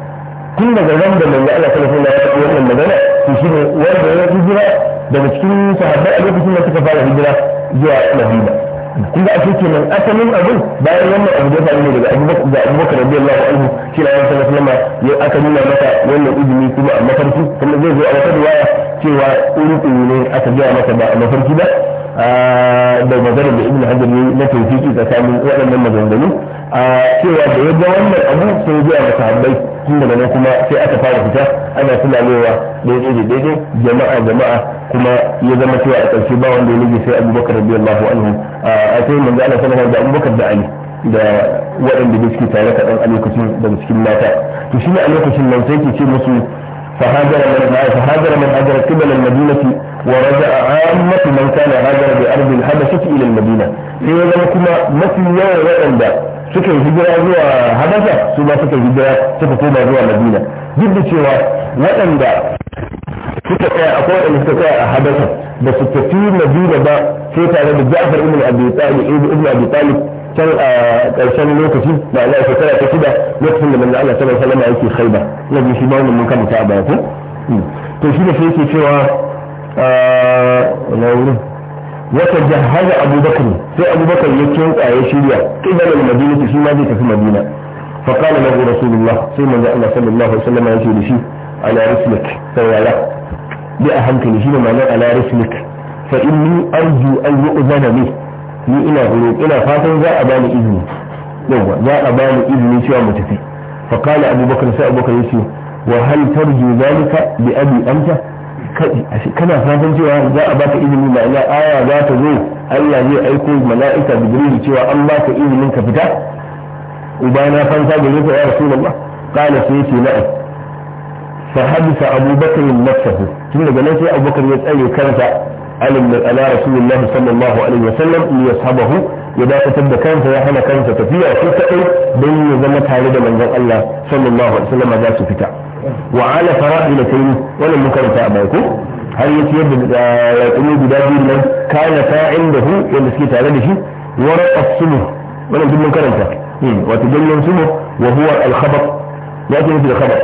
tun daga nan da manzo Allah sallallahu alaihi wasallam ya wannan magana to shine wanda ya hijira daga cikin sahabbai a lokacin da suka fara hijira zuwa Madina kun ga ake kenan asalin abin bayan wannan abu da faru ne daga abubakar radiyallahu anhu shi na yansa musulma ya aka nuna masa wannan izini kuma a mafarki kuma zai zo a wata riwaya cewa uru ne aka gaya masa ba a mafarki ba ah, da magana da ibn hajar ne na tawfiki tsakanin waɗannan maganganu a cewa da ya ga wannan abu sai biya wa sahabbai tun daga nan kuma sai aka fara fita ana sulalewa daidai da daidai jama'a jama'a kuma ya zama cewa a ƙarshe ba wanda ya rage sai abubakar radiyallahu anhu a sai manzo Allah sallallahu alaihi da abubakar da ali da waɗanda da suke tare kaɗan a lokacin daga cikin mata to shi ne a lokacin nan sai ke ce musu فهاجر من هاجر قبل المدينة ورجع عامة من كان هاجر بأرض الحبشة إلى المدينة. إذا كما ما في يوم suka yi hijira zuwa habasha su ma suka hijira suka koma zuwa madina duk da cewa waɗanda suka tsaya akwai waɗanda suka tsaya a habasha ba su tafi madina ba sai tare da ja'far ibn abi talib ibn abi talib can a ƙarshen lokaci da Allah shekara ta shida lokacin da manzo Allah sallallahu alaihi wasallam yake khaiba na ji shi ba mun kan ta ba ko hmm. to shi da shi yake cewa eh wata jahaza abubakar sai abubakar ya kinka ya shirya kidan al-madina shi ma zai tafi madina na qala lahu rasulullah sai manzo Allah sallallahu alaihi wasallam ya ce da shi a ala rislik saurara bi a hankali shi ne a ala rislik fa inni arju an yu'zana li ni ina ina fatan za a bani izini yawa za a bani izini cewa mu tafi fa qala abubakar sai abubakar ya ce wa hal tarju zalika bi abi anta kaɗi a shi kana fatan cewa za a baka izini ma'ana aya za ta zo Allah zai aiko mala'ika jibril cewa an baka izinin ka fita uba na fansa da zai ya rasulullah qala sai ce na'am fa hadisa abubakar nafsahu tun daga nan sai abubakar ya tsaye kansa alim da ala rasulullah sallallahu alaihi wasallam li yashabahu ya dakatar da kansa ya hana kansa tafiya shi kadai don ya zama tare da manzon Allah sallallahu alaihi wasallam za su fita وعلى فرائل تيمي ولا مكرم فأبايكو هل يتيب آه، يقولوا بداد الله كان فاعنده يلسكي تعلمه وراء السمه ولا مجد مكرم فا وتجلي السمه وهو الخبط لا تجلي في الخبط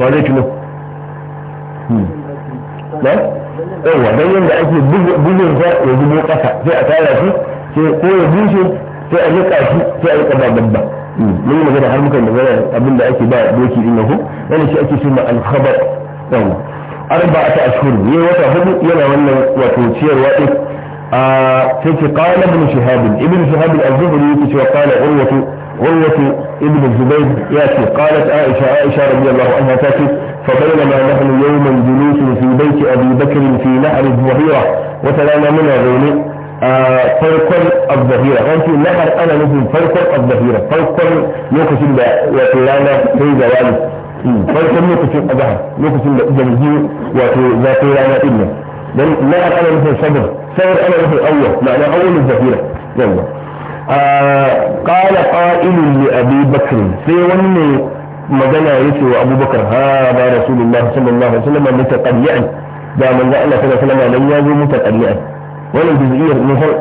وليك له لا ايوه بين ده اصل بذر فاء يجيبه قفا فاء فاء فاء فاء فاء فاء فاء فاء فاء فاء اجيب mun yi magana har muka magana abin da ake ba doki din nan ko yana shi ake cewa al-khabar yawa arba'ata ashhur ne wata hudu yana wannan wato ciyarwa din a sai qala ibn shihab ibn shihab al-zuhri yake cewa qala urwatu urwatu ibn zubayr yace qalat aisha aisha radiyallahu anha tace فبينما نحن يوما جلوس في بيت ابي بكر في نهر الظهيره وتلانا منا غيره فرق الظهيرة وانتي نحر انا نهم فرق الظهيرة فرق نوكسين وطلانا في زوال فرق نوكسين اضحى نوكسين جمجين وطلانا ابنا لان نحر انا نهم صبر صبر انا نهم اول معنى اول الظهيرة يلا آه، قال قائل لأبي بكر في وني مدنا يسوى أبو بكر هذا رسول الله صلى الله عليه وسلم متقنعا دام الله صلى الله عليه وسلم لن wannan juz'iyar ne har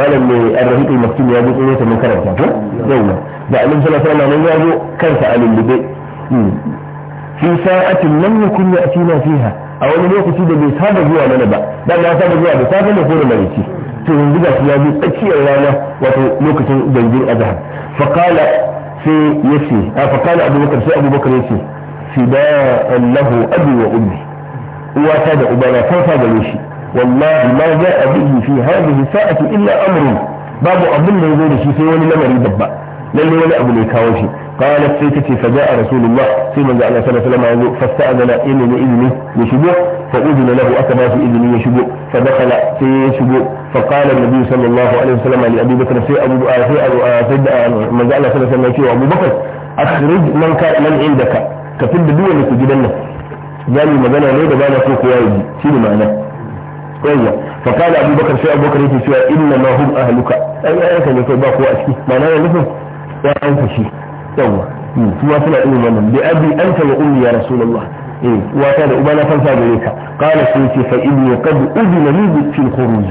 malam mai arrahiqul maktum ya zo tsoro ta mun karanta ko yawa da alim sallallahu alaihi wasallam ya zo kansa alil libe hmm. fi sa'atin nan ya kunya a cina fiha a wani lokaci da bai saba zuwa mana ba dan na saba zuwa da safe ne ko da marici to yanzu ga shi ya zo tsakiyar rana wato lokacin dangin azhar fa qala sai yace fa qala abubakar sai abubakar yace fida lahu abi wa ummi uwata da ubana farfa gare shi wallahi ma ja'a bihi fi hadhihi sa'ati illa amrun babu abin da yazo da shi sai wani lamari babba lalle wani abu ne kawo shi قالت سيتتي فجاء رسول الله في من جعل صلى الله عليه وسلم فاستأذن إني لإذني يشبه فأذن له أتبع في إذني يشبه فدخل في يشبه فقال النبي صلى الله عليه وسلم لأبي بكر في أبو سيد من جعل صلى الله عليه وسلم أبو بكر أخرج من كان من عندك كفل دون تجدنه جاني مدنا ليه بابانا فوق وايد شنو معناه yawwa fa kana abubakar sai abubakar yake cewa inna ma hum ahluka ai ayyuka ne kai ba kowa a ciki ma'ana yana nufin ya an fushi yawwa kuma hmm. suna irin wannan bi abi anta wa ummi ya rasulullah eh wata da na fansa gare ka kala sai ce fa inni qad udina li fil khuruj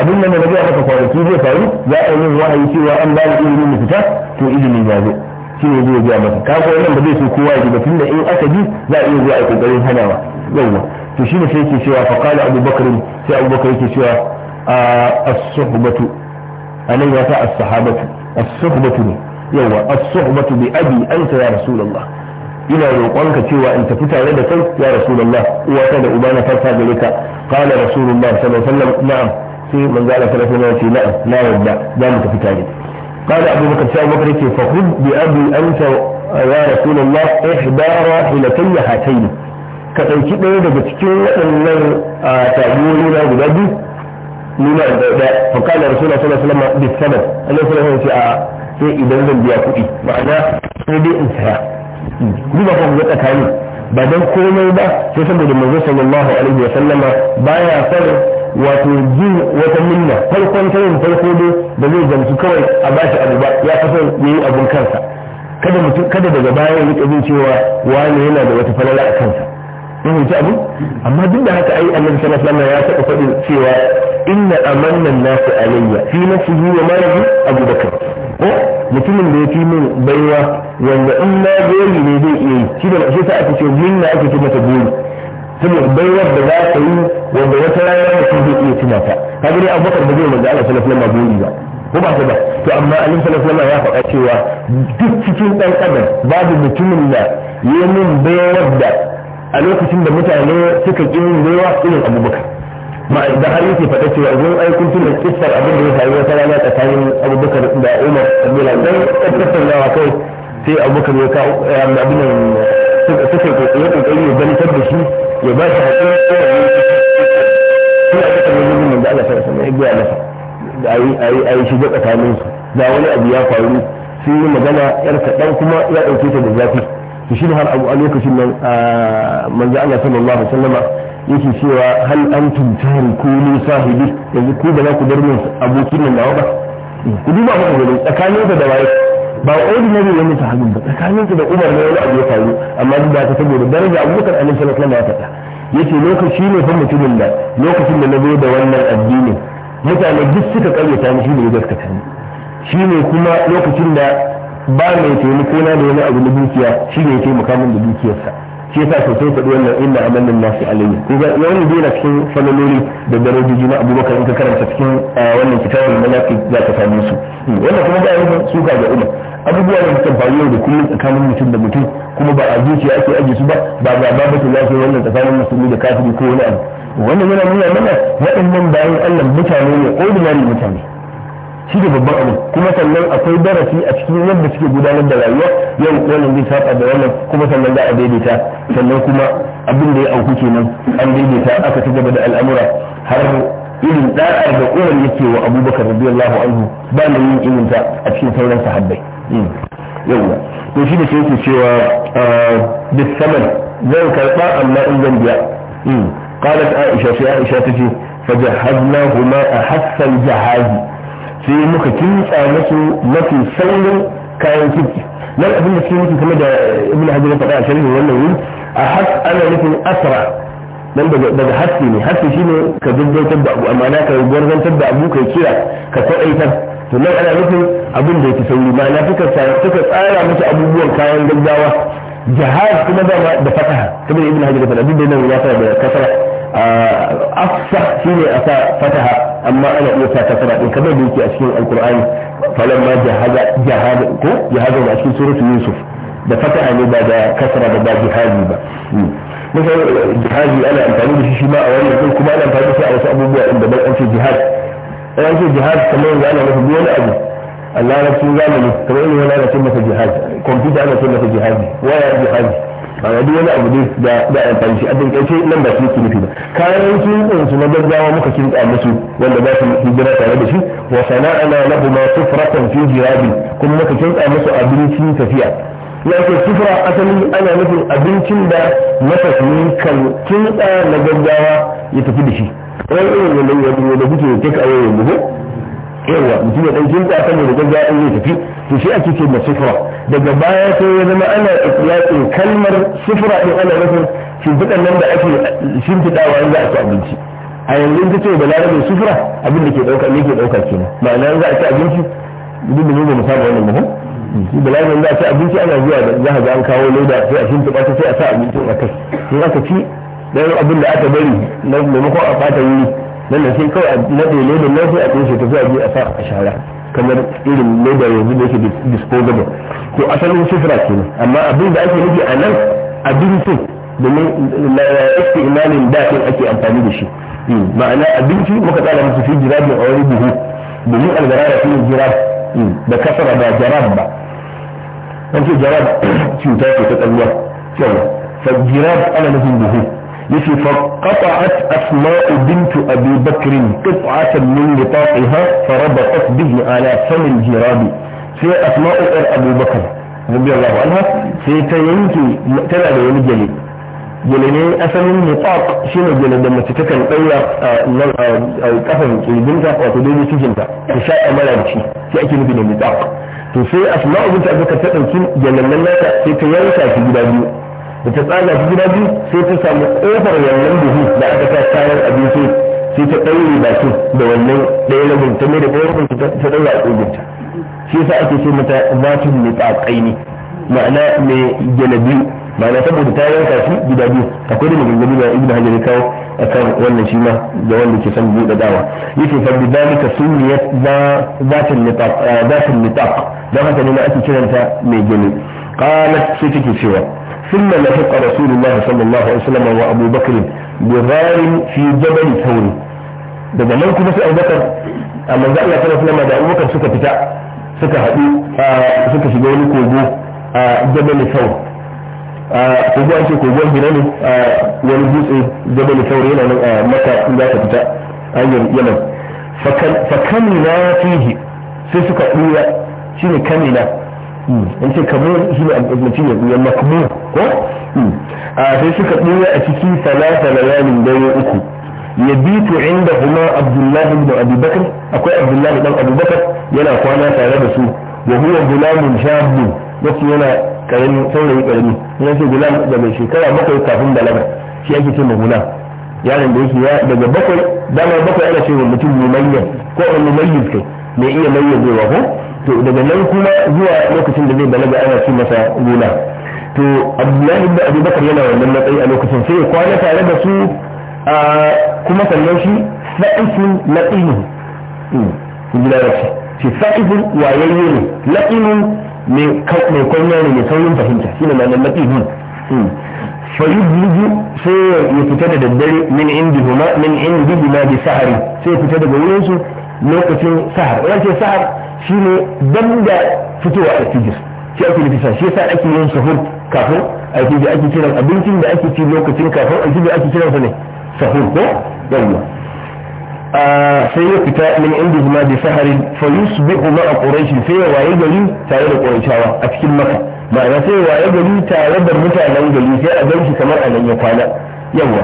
abin nan da ga maka kwanaki zai faru za a yi wahayi cewa an ba ni izini mu fita to izini ya zo shi ne zai ga maka ka ko nan ba zai so kowa ya ji ba tunda in aka ji za a iya zuwa a kokarin hanawa yawwa to shine sai yake cewa fa qala Abu Bakr sai Abu Bakr yake cewa as-suhbatu alayya ta as-sahabatu as-suhbatu ne yawa as-suhbatu bi abi anta ya rasulullah ina roƙonka cewa in tafi tare da kai ya rasulullah uwata da ubana ta gare ka qala rasulullah sallallahu alaihi wasallam na'am sai manzo Allah sallallahu alaihi wasallam ya ce na'am na yarda za mu tafi tare قال أبو بكر شاء بكر فخذ بأبي أنت يا رسول الله إحدى هاتين ka ɗauki ɗaya daga cikin waɗannan tabiyoyi na guda biyu nuna da ɗaya fakala rasulullah sallallahu alaihi wasallam bis sabab Allah sallallahu alaihi wasallam a sai idan zan biya kuɗi ma'ana sai dai in saya ba kuma ga tsakani ba dan komai ba sai saboda manzo sallallahu alaihi wasallama baya son wato jin wata minna farkon tarin farko dai da zai gamsu kawai a bashi abu ba ya fi yayi abun kansa kada mutum kada daga baya ya rika jin cewa wani yana da wata falala a kansa in wuce abu amma duk da haka ai annabi sallallahu alaihi wasallam ya taɓa faɗin cewa inna amanna nasu alayya fi nafsihi wa malihi abu bakar ko mutumin da ya fi min baiwa wanda in na gori ne zai iya yi shi da shi sa ake ce minna ake ce mata gori saboda baiwar da za ka yi wanda wata rana mutum zai iya tuna ta kaga dai abubakar ba zai manzo Allah sallallahu alaihi wasallam gori ba ko ba ta ba to amma alim sallallahu alaihi ya faɗa cewa duk cikin ɗan adam babu mutumin da ya min baiwar da a lokacin da mutane suka ƙi yin rewa irin abubakar da har yake faɗa cewa idan ai kun tuna kissar abin da ya faru wata rana tsakanin abubakar da umar abdullah dan tattaunawa kai sai abubakar ya ka eh, abin suka yi kokari ya bantar da shi ya ba shi haƙƙin umar ne suna da kamar yin da Allah sarrafa sama ya biya masa a yi shiga tsakaninsu da wani abu ya faru sun yi magana yar kaɗan kuma ya ɗauke ta da zafi to shi har a lokacin nan manzo Allah sallallahu alaihi wasallama yake cewa hal antum tarikuni sahibi yanzu ku ba za ku bar min abokin nan nawa ba ku duba mu gani tsakanin da waye ba ordinary wani sahabin ba tsakanin da Umar ne wani abu ya faru amma duk da ta saboda daraja Abubakar alaihi sallallahu alaihi wasallam ya yace lokaci ne fa mutumin da lokacin da na zo da wannan addini mutane duk suka karyata mu shi ne gaskata shi ne kuma lokacin da ba mai taimako na da wani abu na dukiya shi ne ya taimaka da dukiyarsa shi yasa sosai faɗi wannan inna amannan nasu alayhi ko ga wani bai na cikin falaloli da darajoji na abubakar in ka karanta cikin wannan da mana za ka same su hmm, wannan kuma ba yin suka ga umar abubuwa da suka faru da kullum tsakanin mutum da mutum kuma ba a zuciya ake aje su ba ba ga ba su lafiya wannan tsakanin musulmi da kafiri ko wani abu wannan yana nuna mana waɗannan bayan Allah mutane ne ordinary mutane shi ne babban abu kuma sannan akwai darasi a cikin yadda suke gudanar da rayuwa yau wannan zai saba da wannan kuma sannan za a daidaita sannan kuma abin da ya auku kenan an daidaita aka ci gaba da al'amura har irin da'ar da umar yake wa abubakar radiyallahu anhu ba na yin irin ta a cikin sauran sahabbai yawwa to shi da ke yake cewa bis saman zan karba amma in zan biya قالت عائشة في عائشة تجي فجهزناهما أحس الجهاز sai muka kinsa musu mafi saurin kayan kirki nan abin da suke nufi kuma da ibn hajar faɗa a sharhin wannan wuri a has ana nufin asra dan daga haske ne haske shine ka zubbantar da abu amma na ka gwarzantar da abu kai kira ka kwaɗaitar to nan ana nufin abin da yake sauri ma na suka tsara musu abubuwan kayan gaggawa jihar kuma da fataha kamar ibn hajar ya faɗa duk da nan ya fara da kasara afsah shine aka fataha amma ana iya sa ta fara din kamar da yake a cikin alqur'ani falam ma jahada jahada ko a cikin suratul yusuf da fataha ne ba da kasra da ba jihadi ba mutum jihadi ana amfani da shi a wani yankin kuma ana da shi a wasu abubuwa inda da an ce jihad a yanzu jihad kamar yanzu ana nufin wani abu a larabcin zamani kamar yanzu yana ce masa jihad kwamfuta ana ce masa jihadi waya jihadi a duk wani abu da da amfani shi abin kace nan ba shi yake nufi ba kayan kintsin su na gaggawa muka kintsa musu wanda ba su hijira tare da shi wa sana'ana lahu ma sufratan fi jirabi kuma muka kintsa musu abincin tafiya ya ce sufra asali ana nufin abincin da tafi kan kintsa na gaggawa ya tafi da shi wani irin wanda kuke take a yau yanzu yawa mutum ya dan jinta saboda gaggaya an zai tafi to shi ake ce da sufura daga baya sai ya zama ana itlaqin kalmar sufura ɗin ana rasa shimfiɗan nan da ake shimfiɗawa in za a ci abinci a yanzu ta ce da larabin sufura abin da ke ɗauka ne ke ɗauka kenan ma'ana za a ci abinci duk da mu mu saba wannan mahimmanci bala'in za a ci abinci ana zuwa da za a ga an kawo leda sai a shimfiɗa ta sai a sa abincin a kai in aka ci dan abin da aka bari na maimakon a fata wuri nan da sai kawai na dole ne na sai a ɗin shi tafi a je a sa a shara kamar irin leda yanzu da yake disposable to asalin shifra ke ne amma abin da ake nufi a nan abincin domin iske imanin daɗin ake amfani da shi ma'ana abinci muka tsara musu fi jirabin a wani buhu domin algarara fi jirab da kasara da jarab ba an ce jarab cuta ce ta tsalluwa cewa fa jirab ana nufin buhu يكي فقطعت أسماء بنت أبي بكر قطعة من نطاقها فربطت به على فم الجراب في أسماء إر أبي بكر رضي الله عنها في تينكي مقتلع بيوم الجلي جلني أسم النطاق شنو جل دم تتكن أي آه، آه، في بنتها وتدير وتدين سجنها تشاء ملابشي في أكل بن النطاق في أسماء بنت أبي بكر تتكن جلن لنا في تينكي جلني da ta tsaga shi gida biyu sai ta samu kofar wannan buhu da aka sa kayan abinci sai ta ɗaure bakin da wannan ɗaya labin ta mai da ɗaya labin ta ɗaura a ƙugunta shi yasa ake ce mata zatin mai ne ma'ana mai biyu ma'ana saboda ta yanka shi gida biyu akwai da maganganu da ibnu hajar ya a kan wannan shi ma da wanda ke son buɗe dawa yake fa bi dalika sunniyat zatin nitaq zatin nitaq dan haka ne ma ake kiranta mai gyalabi qalat sai take cewa ثم لحق رسول الله صلى الله عليه وسلم وأبو بكر بغار في جبل ثور daga nan kuma sai abubakar a manzo Allah sallallahu alaihi da abubakar suka fita suka haɗu suka shiga wani kogo a jabal thawr kogo an ce kogon hira ne wani dutse jabal thawr yana nan a maka in za ka fita hanyar yaman fakamina fihi sai suka ɗura shine kamina in ce kamar shi ne mutum ya makmu ko a sai suka ɓuya a ciki salata layalin dare uku ya tu inda kuma abdullahi ibn abubakar akwai abdullahi dan abubakar yana kwana tare da su wa huwa gulamun shabu wasu yana karamin saurayi karami yana ce gulam daga shekara bakwai kafin balaga shi ake ce gulam yaron da yake ya daga bakwai dama bakwai ana ce wa mutum mai ko mai mayyiz kai mai iya mayyazewa ko to daga nan kuma zuwa lokacin da zai balaga ana ci masa gona to abdullahi ibn abu bakar yana wannan matsayi a lokacin sai ya kwana tare da su a kuma sannan shi fa'isun laqinu hmm, jira da shi shi fa'isun wayayye ne laqinu mai kwanya ne mai saurin fahimta shi ne ma'anar laqinu hmm. fayubliju sai ya fita da daddare min indihuma min indihuma bi sahari sai ya fita daga wurin su lokacin sahar wace sahar shi ne banda fitowa a cikin shi ake nufi shi yasa ake yin sahur kafin alfijir ake kiran abincin da ake ci lokacin kafin alfijir ake kiransa ne sahur ko yawwa sai ya fita min inda ma bi saharin fa yusbihu ma'a quraish sai ya waye gari tare da quraishawa a cikin maka ma'ana sai ya waye gari tare da mutanen gari sai a ganshi kamar a nan ya kwana yawwa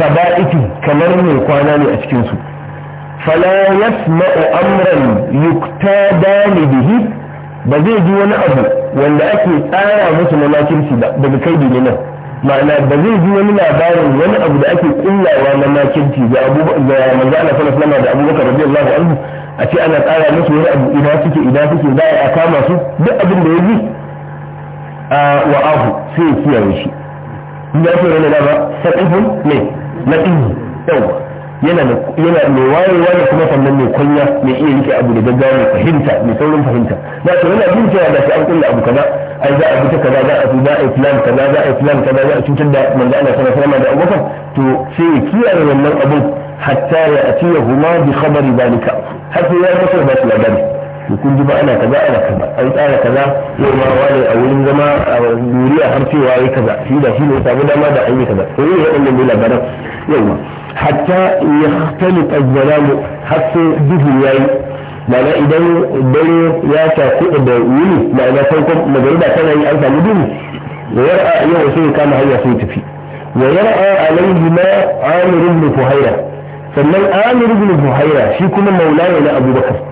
kaba'itu kamar mai kwana ne a cikin su fala yasma'u amran yuktadani bihi ba zai ji wani abu wanda ake tsara musu na makirci ba daga kai ne nan ma'ana ba zai ji wani labarin wani abu da ake kullawa na makirci ga abu ga manzo Allah sallallahu alaihi da Abubakar radiyallahu anhu a ce ana tsara musu wani abu ina suke ina suke za a kama su duk abin da ya ji wa ahu sai ya kiyaye shi ya ce rana ne na yana da mai wayewa da kuma sannan mai kunya mai iya rike abu da gaggawa mai fahimta mai saurin fahimta Na ka yana jin cewa da shi an kulla abu kaza ai za a bi ta kaza za a fi za a yi plan kaza za a yi plan kaza za a cutar da manzo Allah sallallahu alaihi wasallam da abubakar to sai ya kiyaye wannan abun hatta ya atiyahu huma bi khabari zalika har sai ya masa ba su labari to kun ji ba ana kaza ana kaza an tsara kaza yau ma wani a wurin zama a duniya har cewa yi kaza shi da shi ne samu dama da an yi kaza to ne waɗannan ne labaran yau ma hatta ya talita zalamu har sai duhu ya yi ma'ana idan dare ya shafi da wuni ma'ana farkon magariba tana yi an samu duhu da yar'a yau sai kama hanya sai tafi wa yar'a alaihi ma amir ibn fuhaira sannan amir ibn fuhaira shi kuma maulaya na abubakar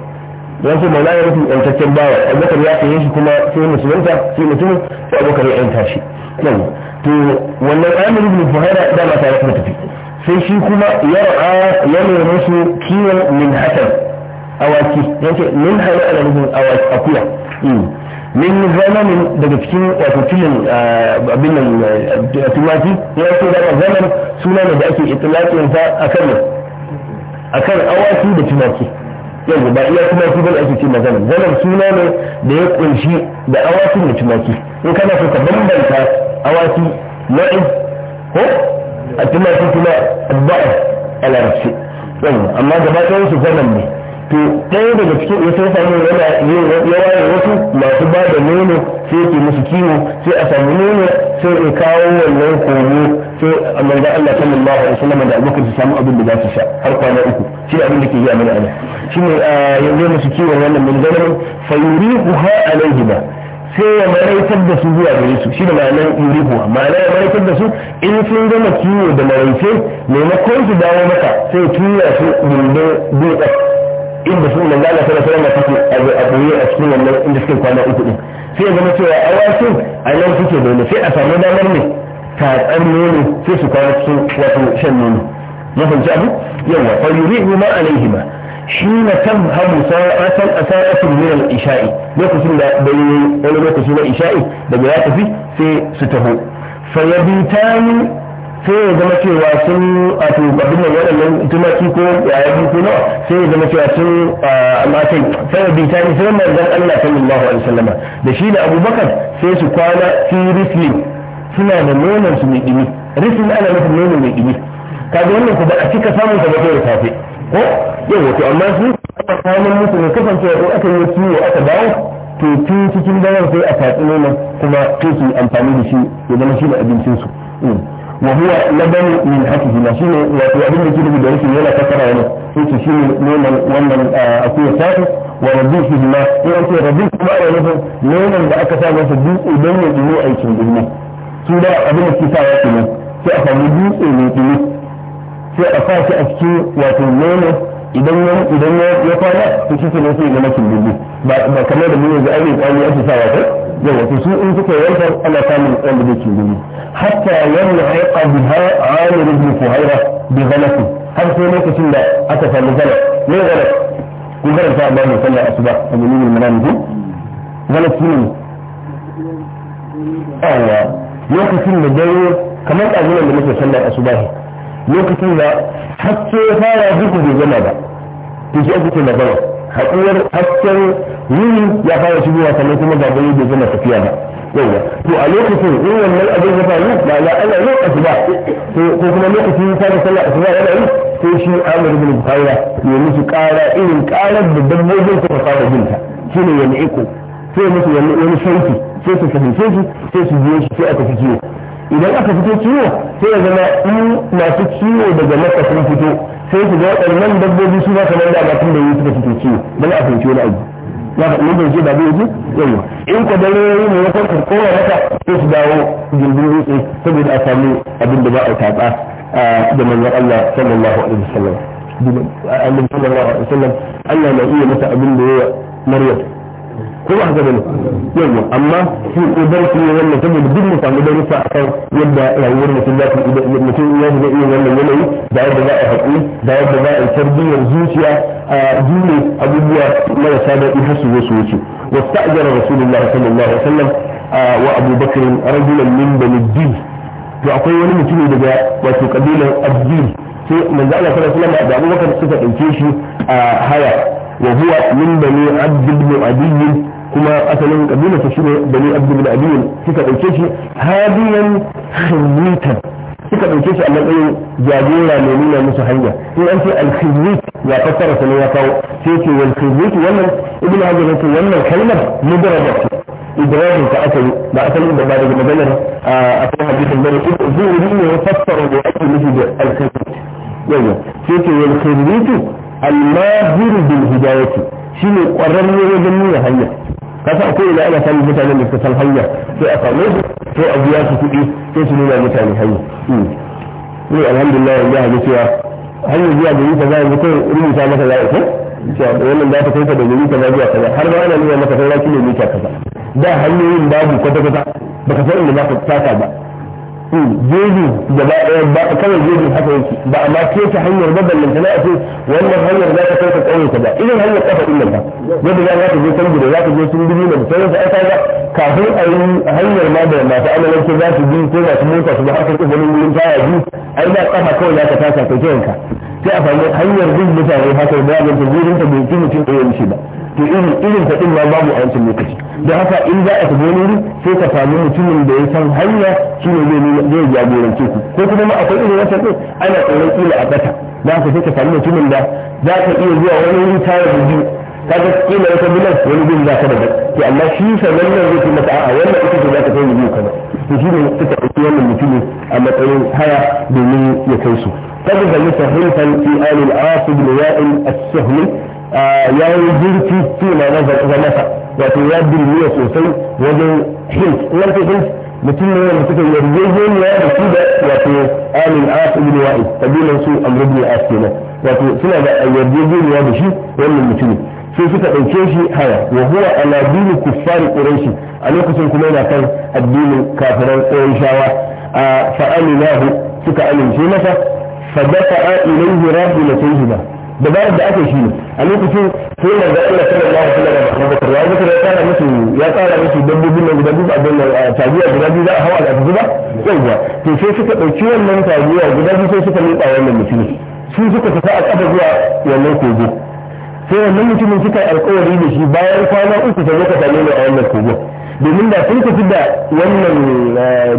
don su maula ya rufin yantaccen bawa abubakar ya saye shi kuma sai musulunta sai mutumin sai abubakar ya yanta shi yau to wannan amir ibn fuhaira da ma tare kuma tafi sai shi kuma ya ra'a ya nemi musu kiwon min hasan awaki yace min hayya ala rubin awaki akuya hmm. min zamanin daga cikin wato tilin ah, abin nan eh, tumaki ya ce da zaman suna ne da ake itilakin sa akan akan awaki da tumaki yanzu ba iya tumaki ba ake ce maganar zanar suna ne da ya kunshi da awaki da tumaki in kana so ka bambanta awaki na'in ko a tumaki kuma ba'a a larabci yanzu amma gaba ta su zanar ne to ɗaya daga cikin ya sai samu yana yawa da wasu masu ba da nono sai ke musu kiwo sai a samu nono sai ya kawo wannan koyo sai manzon Allah sallallahu alaihi wasallam da abubakar su samu abin da za su sha har kwana uku shi abin da ke yi a mana Allah. shi ne yanzu masu kiwon wannan min zalamin fa yurihuha alaihima sai ya maraitar da su zuwa gare su shi da ma'anar yurihuha ma'ana ya maraitar da su in sun gama kiwo da maraice maimakon su dawo maka sai tura su dindin dutsen inda sun manzo Allah sallallahu alaihi wasallam a koyi a cikin wannan inda suke kwana uku din sai ya zama cewa awakin a nan suke dole sai a samu damar ne tatsar nono sai su kawo cikin wato shan nono ya fahimci abu yawa fa yurihu ma alaihima حين تذهب ساعة ساعة من العشاء لوكسين دا بين ولا لوكسين wani دا بيات isha'i daga سته tafi sai su taho. sai ya zama cewa sun a to abin da waɗannan tumaki ko yayan ko nawa sai ya zama cewa sun matan sai ya bita ni sai manzon Allah sallallahu alaihi wasallama da shi da Abubakar sai su kwana fi risli suna da nonon su mai dimi rifin ana nufin nono mai dimi kaga wannan ku ba a cika samun sa ba da safe ko yau to amma su aka kawo musu ne kasancewa ko aka yi ciwo aka dawo to tun cikin daren sai a tatsi nonon kuma sai su amfani da shi ya zama shi da abincin su mm. wa huwa laban min hakihi na shine wato abin da ke da da rashin yana kasara wani sai su shine nonon wannan akuya tafi wa rabbi shi ma in an ce rabbi kuma ana nufin nonon da aka sa masa dutse don ya dumi aikin dumi su da abin da suka ya kenan sai a samu dutse mai tsini sai a sa shi a cikin wato nono idan ya idan ya fara to shi ne sai ga makin dubu ba ba kamar da mu yanzu ai kwani ake sawa ko yawa to su in suka yanka ana ta kwani da cin dubu hatta yanna aiqa biha amir ibn fuhaira bi ghalati har sai lokacin da aka samu galat ne galat kun ta Allah ne sallar asuba a mulmin manamiji galat ne awa lokacin da dare kamar ɗazunan da muke sallar asubahi lokacin da haske ya fara duka bai gama ba to shi ake magana haƙuwar hasken yini ya fara shigowa sannan kuma ga dare bai gama tafiya ba yawa to a lokacin in wannan abin ya faru ba na ana yin asuba ko kuma lokacin ya fara sallar asuba yana yi ko shi amir bin bukhari ya musu ƙara irin ƙarar da dabbobin suka fara jinta shine yana iko sai musu wani sauki sai su fahimce shi sai su biyo shi sai aka fi ciwo idan aka fito ciwo sai ya zama in masu ciwo daga maka sun fito sai su ga waɗannan dabbobi su ba kamar da batun da yi suka fito ciwo Dan a fahimci wani abu ya ka mun bai ba zai ji yawa in ka dare yayi ne ya farka kowa maka sai su dawo jirgin rutse saboda a samu abin da ba a tatsa da manzon Allah sallallahu alaihi wasallam annabi Allah na iya masa abin da ya Maryam ko ba haka bane yawa amma shi kodarki ne wannan saboda duk mu samu darussa akan yadda rayuwar mutum za ta mutum ya shiga irin wannan yanayi da yadda za a haƙuri da yadda za a yi tarbiyyar zuciya a jure abubuwa marasa daɗi har su zo su wuce واستأجر رسول الله صلى الله عليه وسلم وأبو بكر رجلا من بني الدين to akwai wani mutumi daga wato kabilar abdul sai manzo Allah sallallahu alaihi wasallam da Abu Bakar suka dauke shi a haya wa huwa min bani Abd ibn Adiy kuma asalin kabila ta shine bani abdu bin abiyin suka dauke shi hadiyan khimitan suka dauke shi a matsayin jagora mai nuna musu hanya in an ce al-khimit ya fassara sa ne ya kawo sai ce wal khimit wannan ibnu hajar ya ce wannan kalmar mudarraba ce idrarin ta aka yi ba asalin da ba daga maganar a kan hadisin bane zuwa ne ya fassara da ake nufi da al-khimit yawa sai ce wal khimit al-mahir bil hidayati ne shine ƙwararre wajen nuna hanya kasa akwai ina ana samun mutanen da suka hanya sai a kame su sai a biya su kuɗi sai su nuna mutane hanya hmm. ni alhamdulillah yanzu haka cewa hanyar zuwa gari kaza yanzu kai rubuta maka za'a ko cewa wannan za ta kai ka da gari kaza zuwa kaza har ma ana nuna maka saura kilomita kaza da hanyoyin babu kwata-kwata baka san inda za ka taka ba jeji gaba ɗaya ba kawai jeji haka yake ba amma ke ta hanyar ba ballanta a ce wannan hanyar za ta kai ka ƙauye ka ba irin hanyar kafa din nan ba yadda za ka je can gida za ka je sun dubi da sauran su aka ba kafin a yi hanyar ma da masu amalanci za su bi ko masu mota su ba haka ko ganin wurin taya biyu ai ba kafa kawai za ka tasa kai ka. sai a fahimci hanyar bin mutane haka da ya zanta ta bai mutum ɗaya ba to irin irin ta ma babu a wancan lokaci da haka in za a tafi wuri sai ka mutumin da ya san hanya shi ne zai zai jagorance ku ko kuma ma akwai irin wancan ɗin ana tsoron ƙila a kasa da haka sai ka mutumin da za ka iya zuwa wani wuri tare da biyu kaga ƙila wata bilan wani bin za ka da to amma shi sanan zai ce maka a'a wannan ita ce za ka kai biyu kaza to shi ne suka ɗauki wannan mutumin a matsayin haya domin ya kai su تجد متهلفا في آل العاص بن وائل السهمي ya yi jirki suna na zamata wato ya birniya sosai wajen hint wani ke hint mutum ne wanda suka yarjejeniya da su da amin as ibn wa'id kabilan su amr ibn suna da yarjejeniya da shi wannan mutum sai suka ɗauke shi haya wa huwa ala dini kuffar quraishi a lokacin kuma yana kan addinin kafiran qurayshawa fa aminahu suka amince masa fa dafa'a ilayhi rajulatayhima dabarar da aka shi a lokacin sai manzo Allah sallallahu alaihi wasallam da Abubakar ya zikira ya tsara musu ya tsara musu dabbobin nan guda biyu abin nan tabiya guda biyu za a hawa da zuba yauwa to sai suka dauki wannan tabiya guda biyu sai suka miƙa wannan mutumin su suka tafi a kafa zuwa wannan kogo sai wannan mutumin suka alƙawari da shi bayan kwana uku sai suka same ni a wannan kogo domin da sun tafi da wannan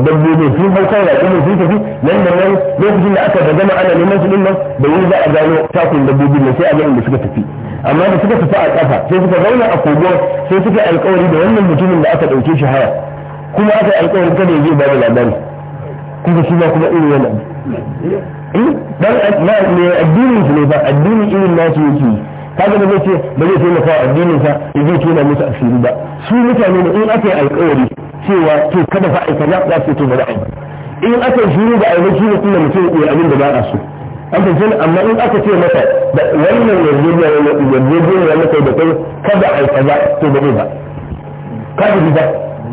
dabbobi sun hau kan raƙumin sun tafi nan da nan lokacin da aka bagana ana neman su din nan da wani za a gano takun dabbobin nan sai a ganin da suka tafi amma da suka tafi a ƙafa sai suka zauna a kogon sai suka alƙawari da wannan mutumin da aka ɗauke shi haya kuma aka alƙawarin kada ya je ba da labari kuma shi ba kuma irin wannan dan addinin su ne ba addinin irin nasu yake yi kaga ba zai ce ba zai taimaka wa addinin sa ya zai tona musu asiri ba su mutane ne in aka yi alƙawari cewa to kada fa aikata za za su to ba za a in aka yi shiru da aiki ne kuma mutum ya abin da ba a so an fi amma in aka ce masa da wannan yarjejeniya na kai da kai kada aika za to ba zai ba kada ba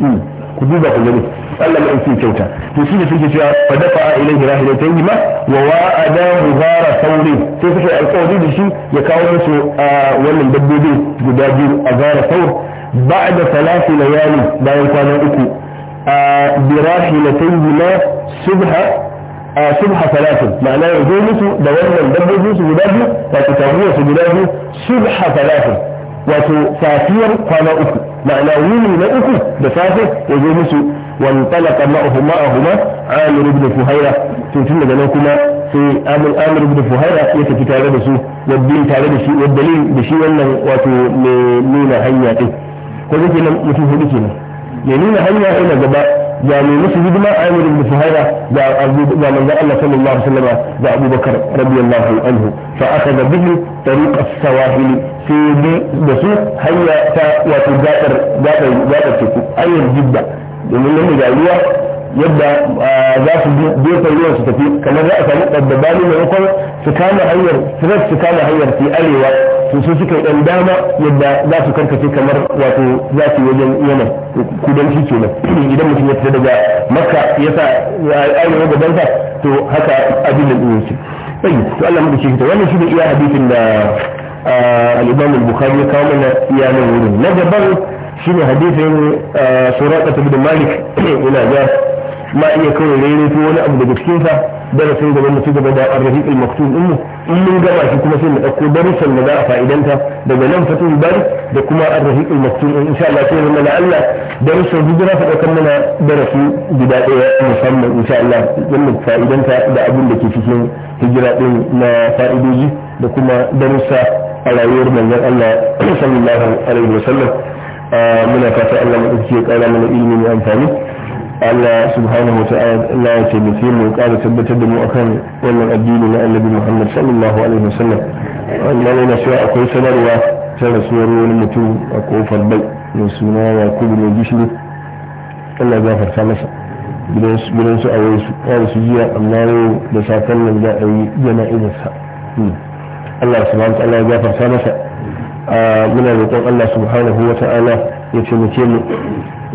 hmm. ku duba ku gani Allah mai yake kyauta to shi ne suke cewa fa dafa ilaihi rahilatayn ma wa wa'ada ghara sauri sai suka alƙawari da shi ya kawo musu wannan dabbobi guda biyu a ghara saur ba'da salasi layali bayan kwana uku برحلتين ما صبح صبح ثلاثة معناه يقول musu da wannan dabbobin su guda biyu wato tawiyar su guda biyu subha thalathin wato safiyar kwana uku ma'ana wuni na uku da safe ya zo musu وانطلق معه معهما عامر بن فهيرة تنتم لكما في عامر عامر بن فهيرة يتكي تare da su والدين tare da shi والدليل da shi wannan wato mai nuna hanya din ko zai kenan mutum hudu kenan mai nuna hanya ina gaba ga mai musu hidima amir ibn fuhaira ga abu ga manzo Allah sallallahu alaihi wasallam ga Abu Bakar radiyallahu anhu fa akhadha bihi tariq as-sawahili sai bi da su hanya ta wato gadar ayyar domin nan da ruwa yadda ah, za su jefa ruwan su tafi kamar za a samu ɗabbabani maimakon su kama hanyar sirar su kama hanyar su arewa to su suka ɗan dama yadda za su karkace kamar wato za su wajen yaman kudanci kenan idan mutum ya fita daga makka ya sa arewa gabansa to haka abin da ɗin طيب سؤال من الشيخ وانا شو بقى kawo mana iya nan wurin na نجبر shine hadisin uh, suraka bin malik ina ga ma iya kawai rairato wani abu daga cikin sa darasin gaban da gaba da arrafiq al-maktub din in mun gama shi kuma sai mu dauko darussan da za a fa'idanta daga nan fatul bari da kuma arrafiq al-maktub in insha Allah sai mana Allah darussan hijira ta daukan mana darasi guda ɗaya musamman insha Allah dan mu fa'idanta da abin da ke cikin hijira din na fa'idoji da kuma darussa a rayuwar manzon Allah sallallahu alaihi wasallam muna fata Allah mu dauke kara mana ilimi mai amfani Allah subhanahu wa ta'ala ya taimake mu kara tabbatar da mu akan wannan addini na Annabi Muhammad sallallahu alaihi wasallam wannan yana cewa akwai sanarwa ta rasuwar wani mutum a kofar bai mai suna Yakubu mai gishiri Allah gafarta masa gidan su a wasu ya su jiya amma yau da safen nan za a yi jana'izarsa Allah subhanahu wa ta'ala ya gafarta masa muna roƙon Allah subhanahu wa ta'ala ya taimake mu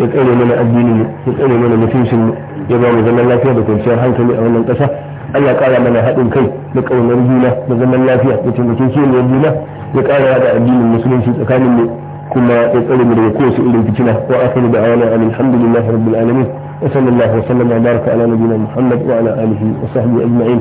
ya tsare mana addinin mu ya tsare mana mutuncin mu ya ba mu zaman lafiya da kwanciyar hankali a wannan ƙasa Allah ƙara mana haɗin kai da ƙaunar juna da zaman lafiya da taimake kiyar juna ya ƙara da addinin musulunci tsakanin mu kuma ya tsare mu daga kowace irin fitina wa akhiru da awana alhamdulillahi rabbil alamin wa sallallahu wa sallama baraka ala nabiyyina muhammad wa ala alihi wa sahbihi ajma'in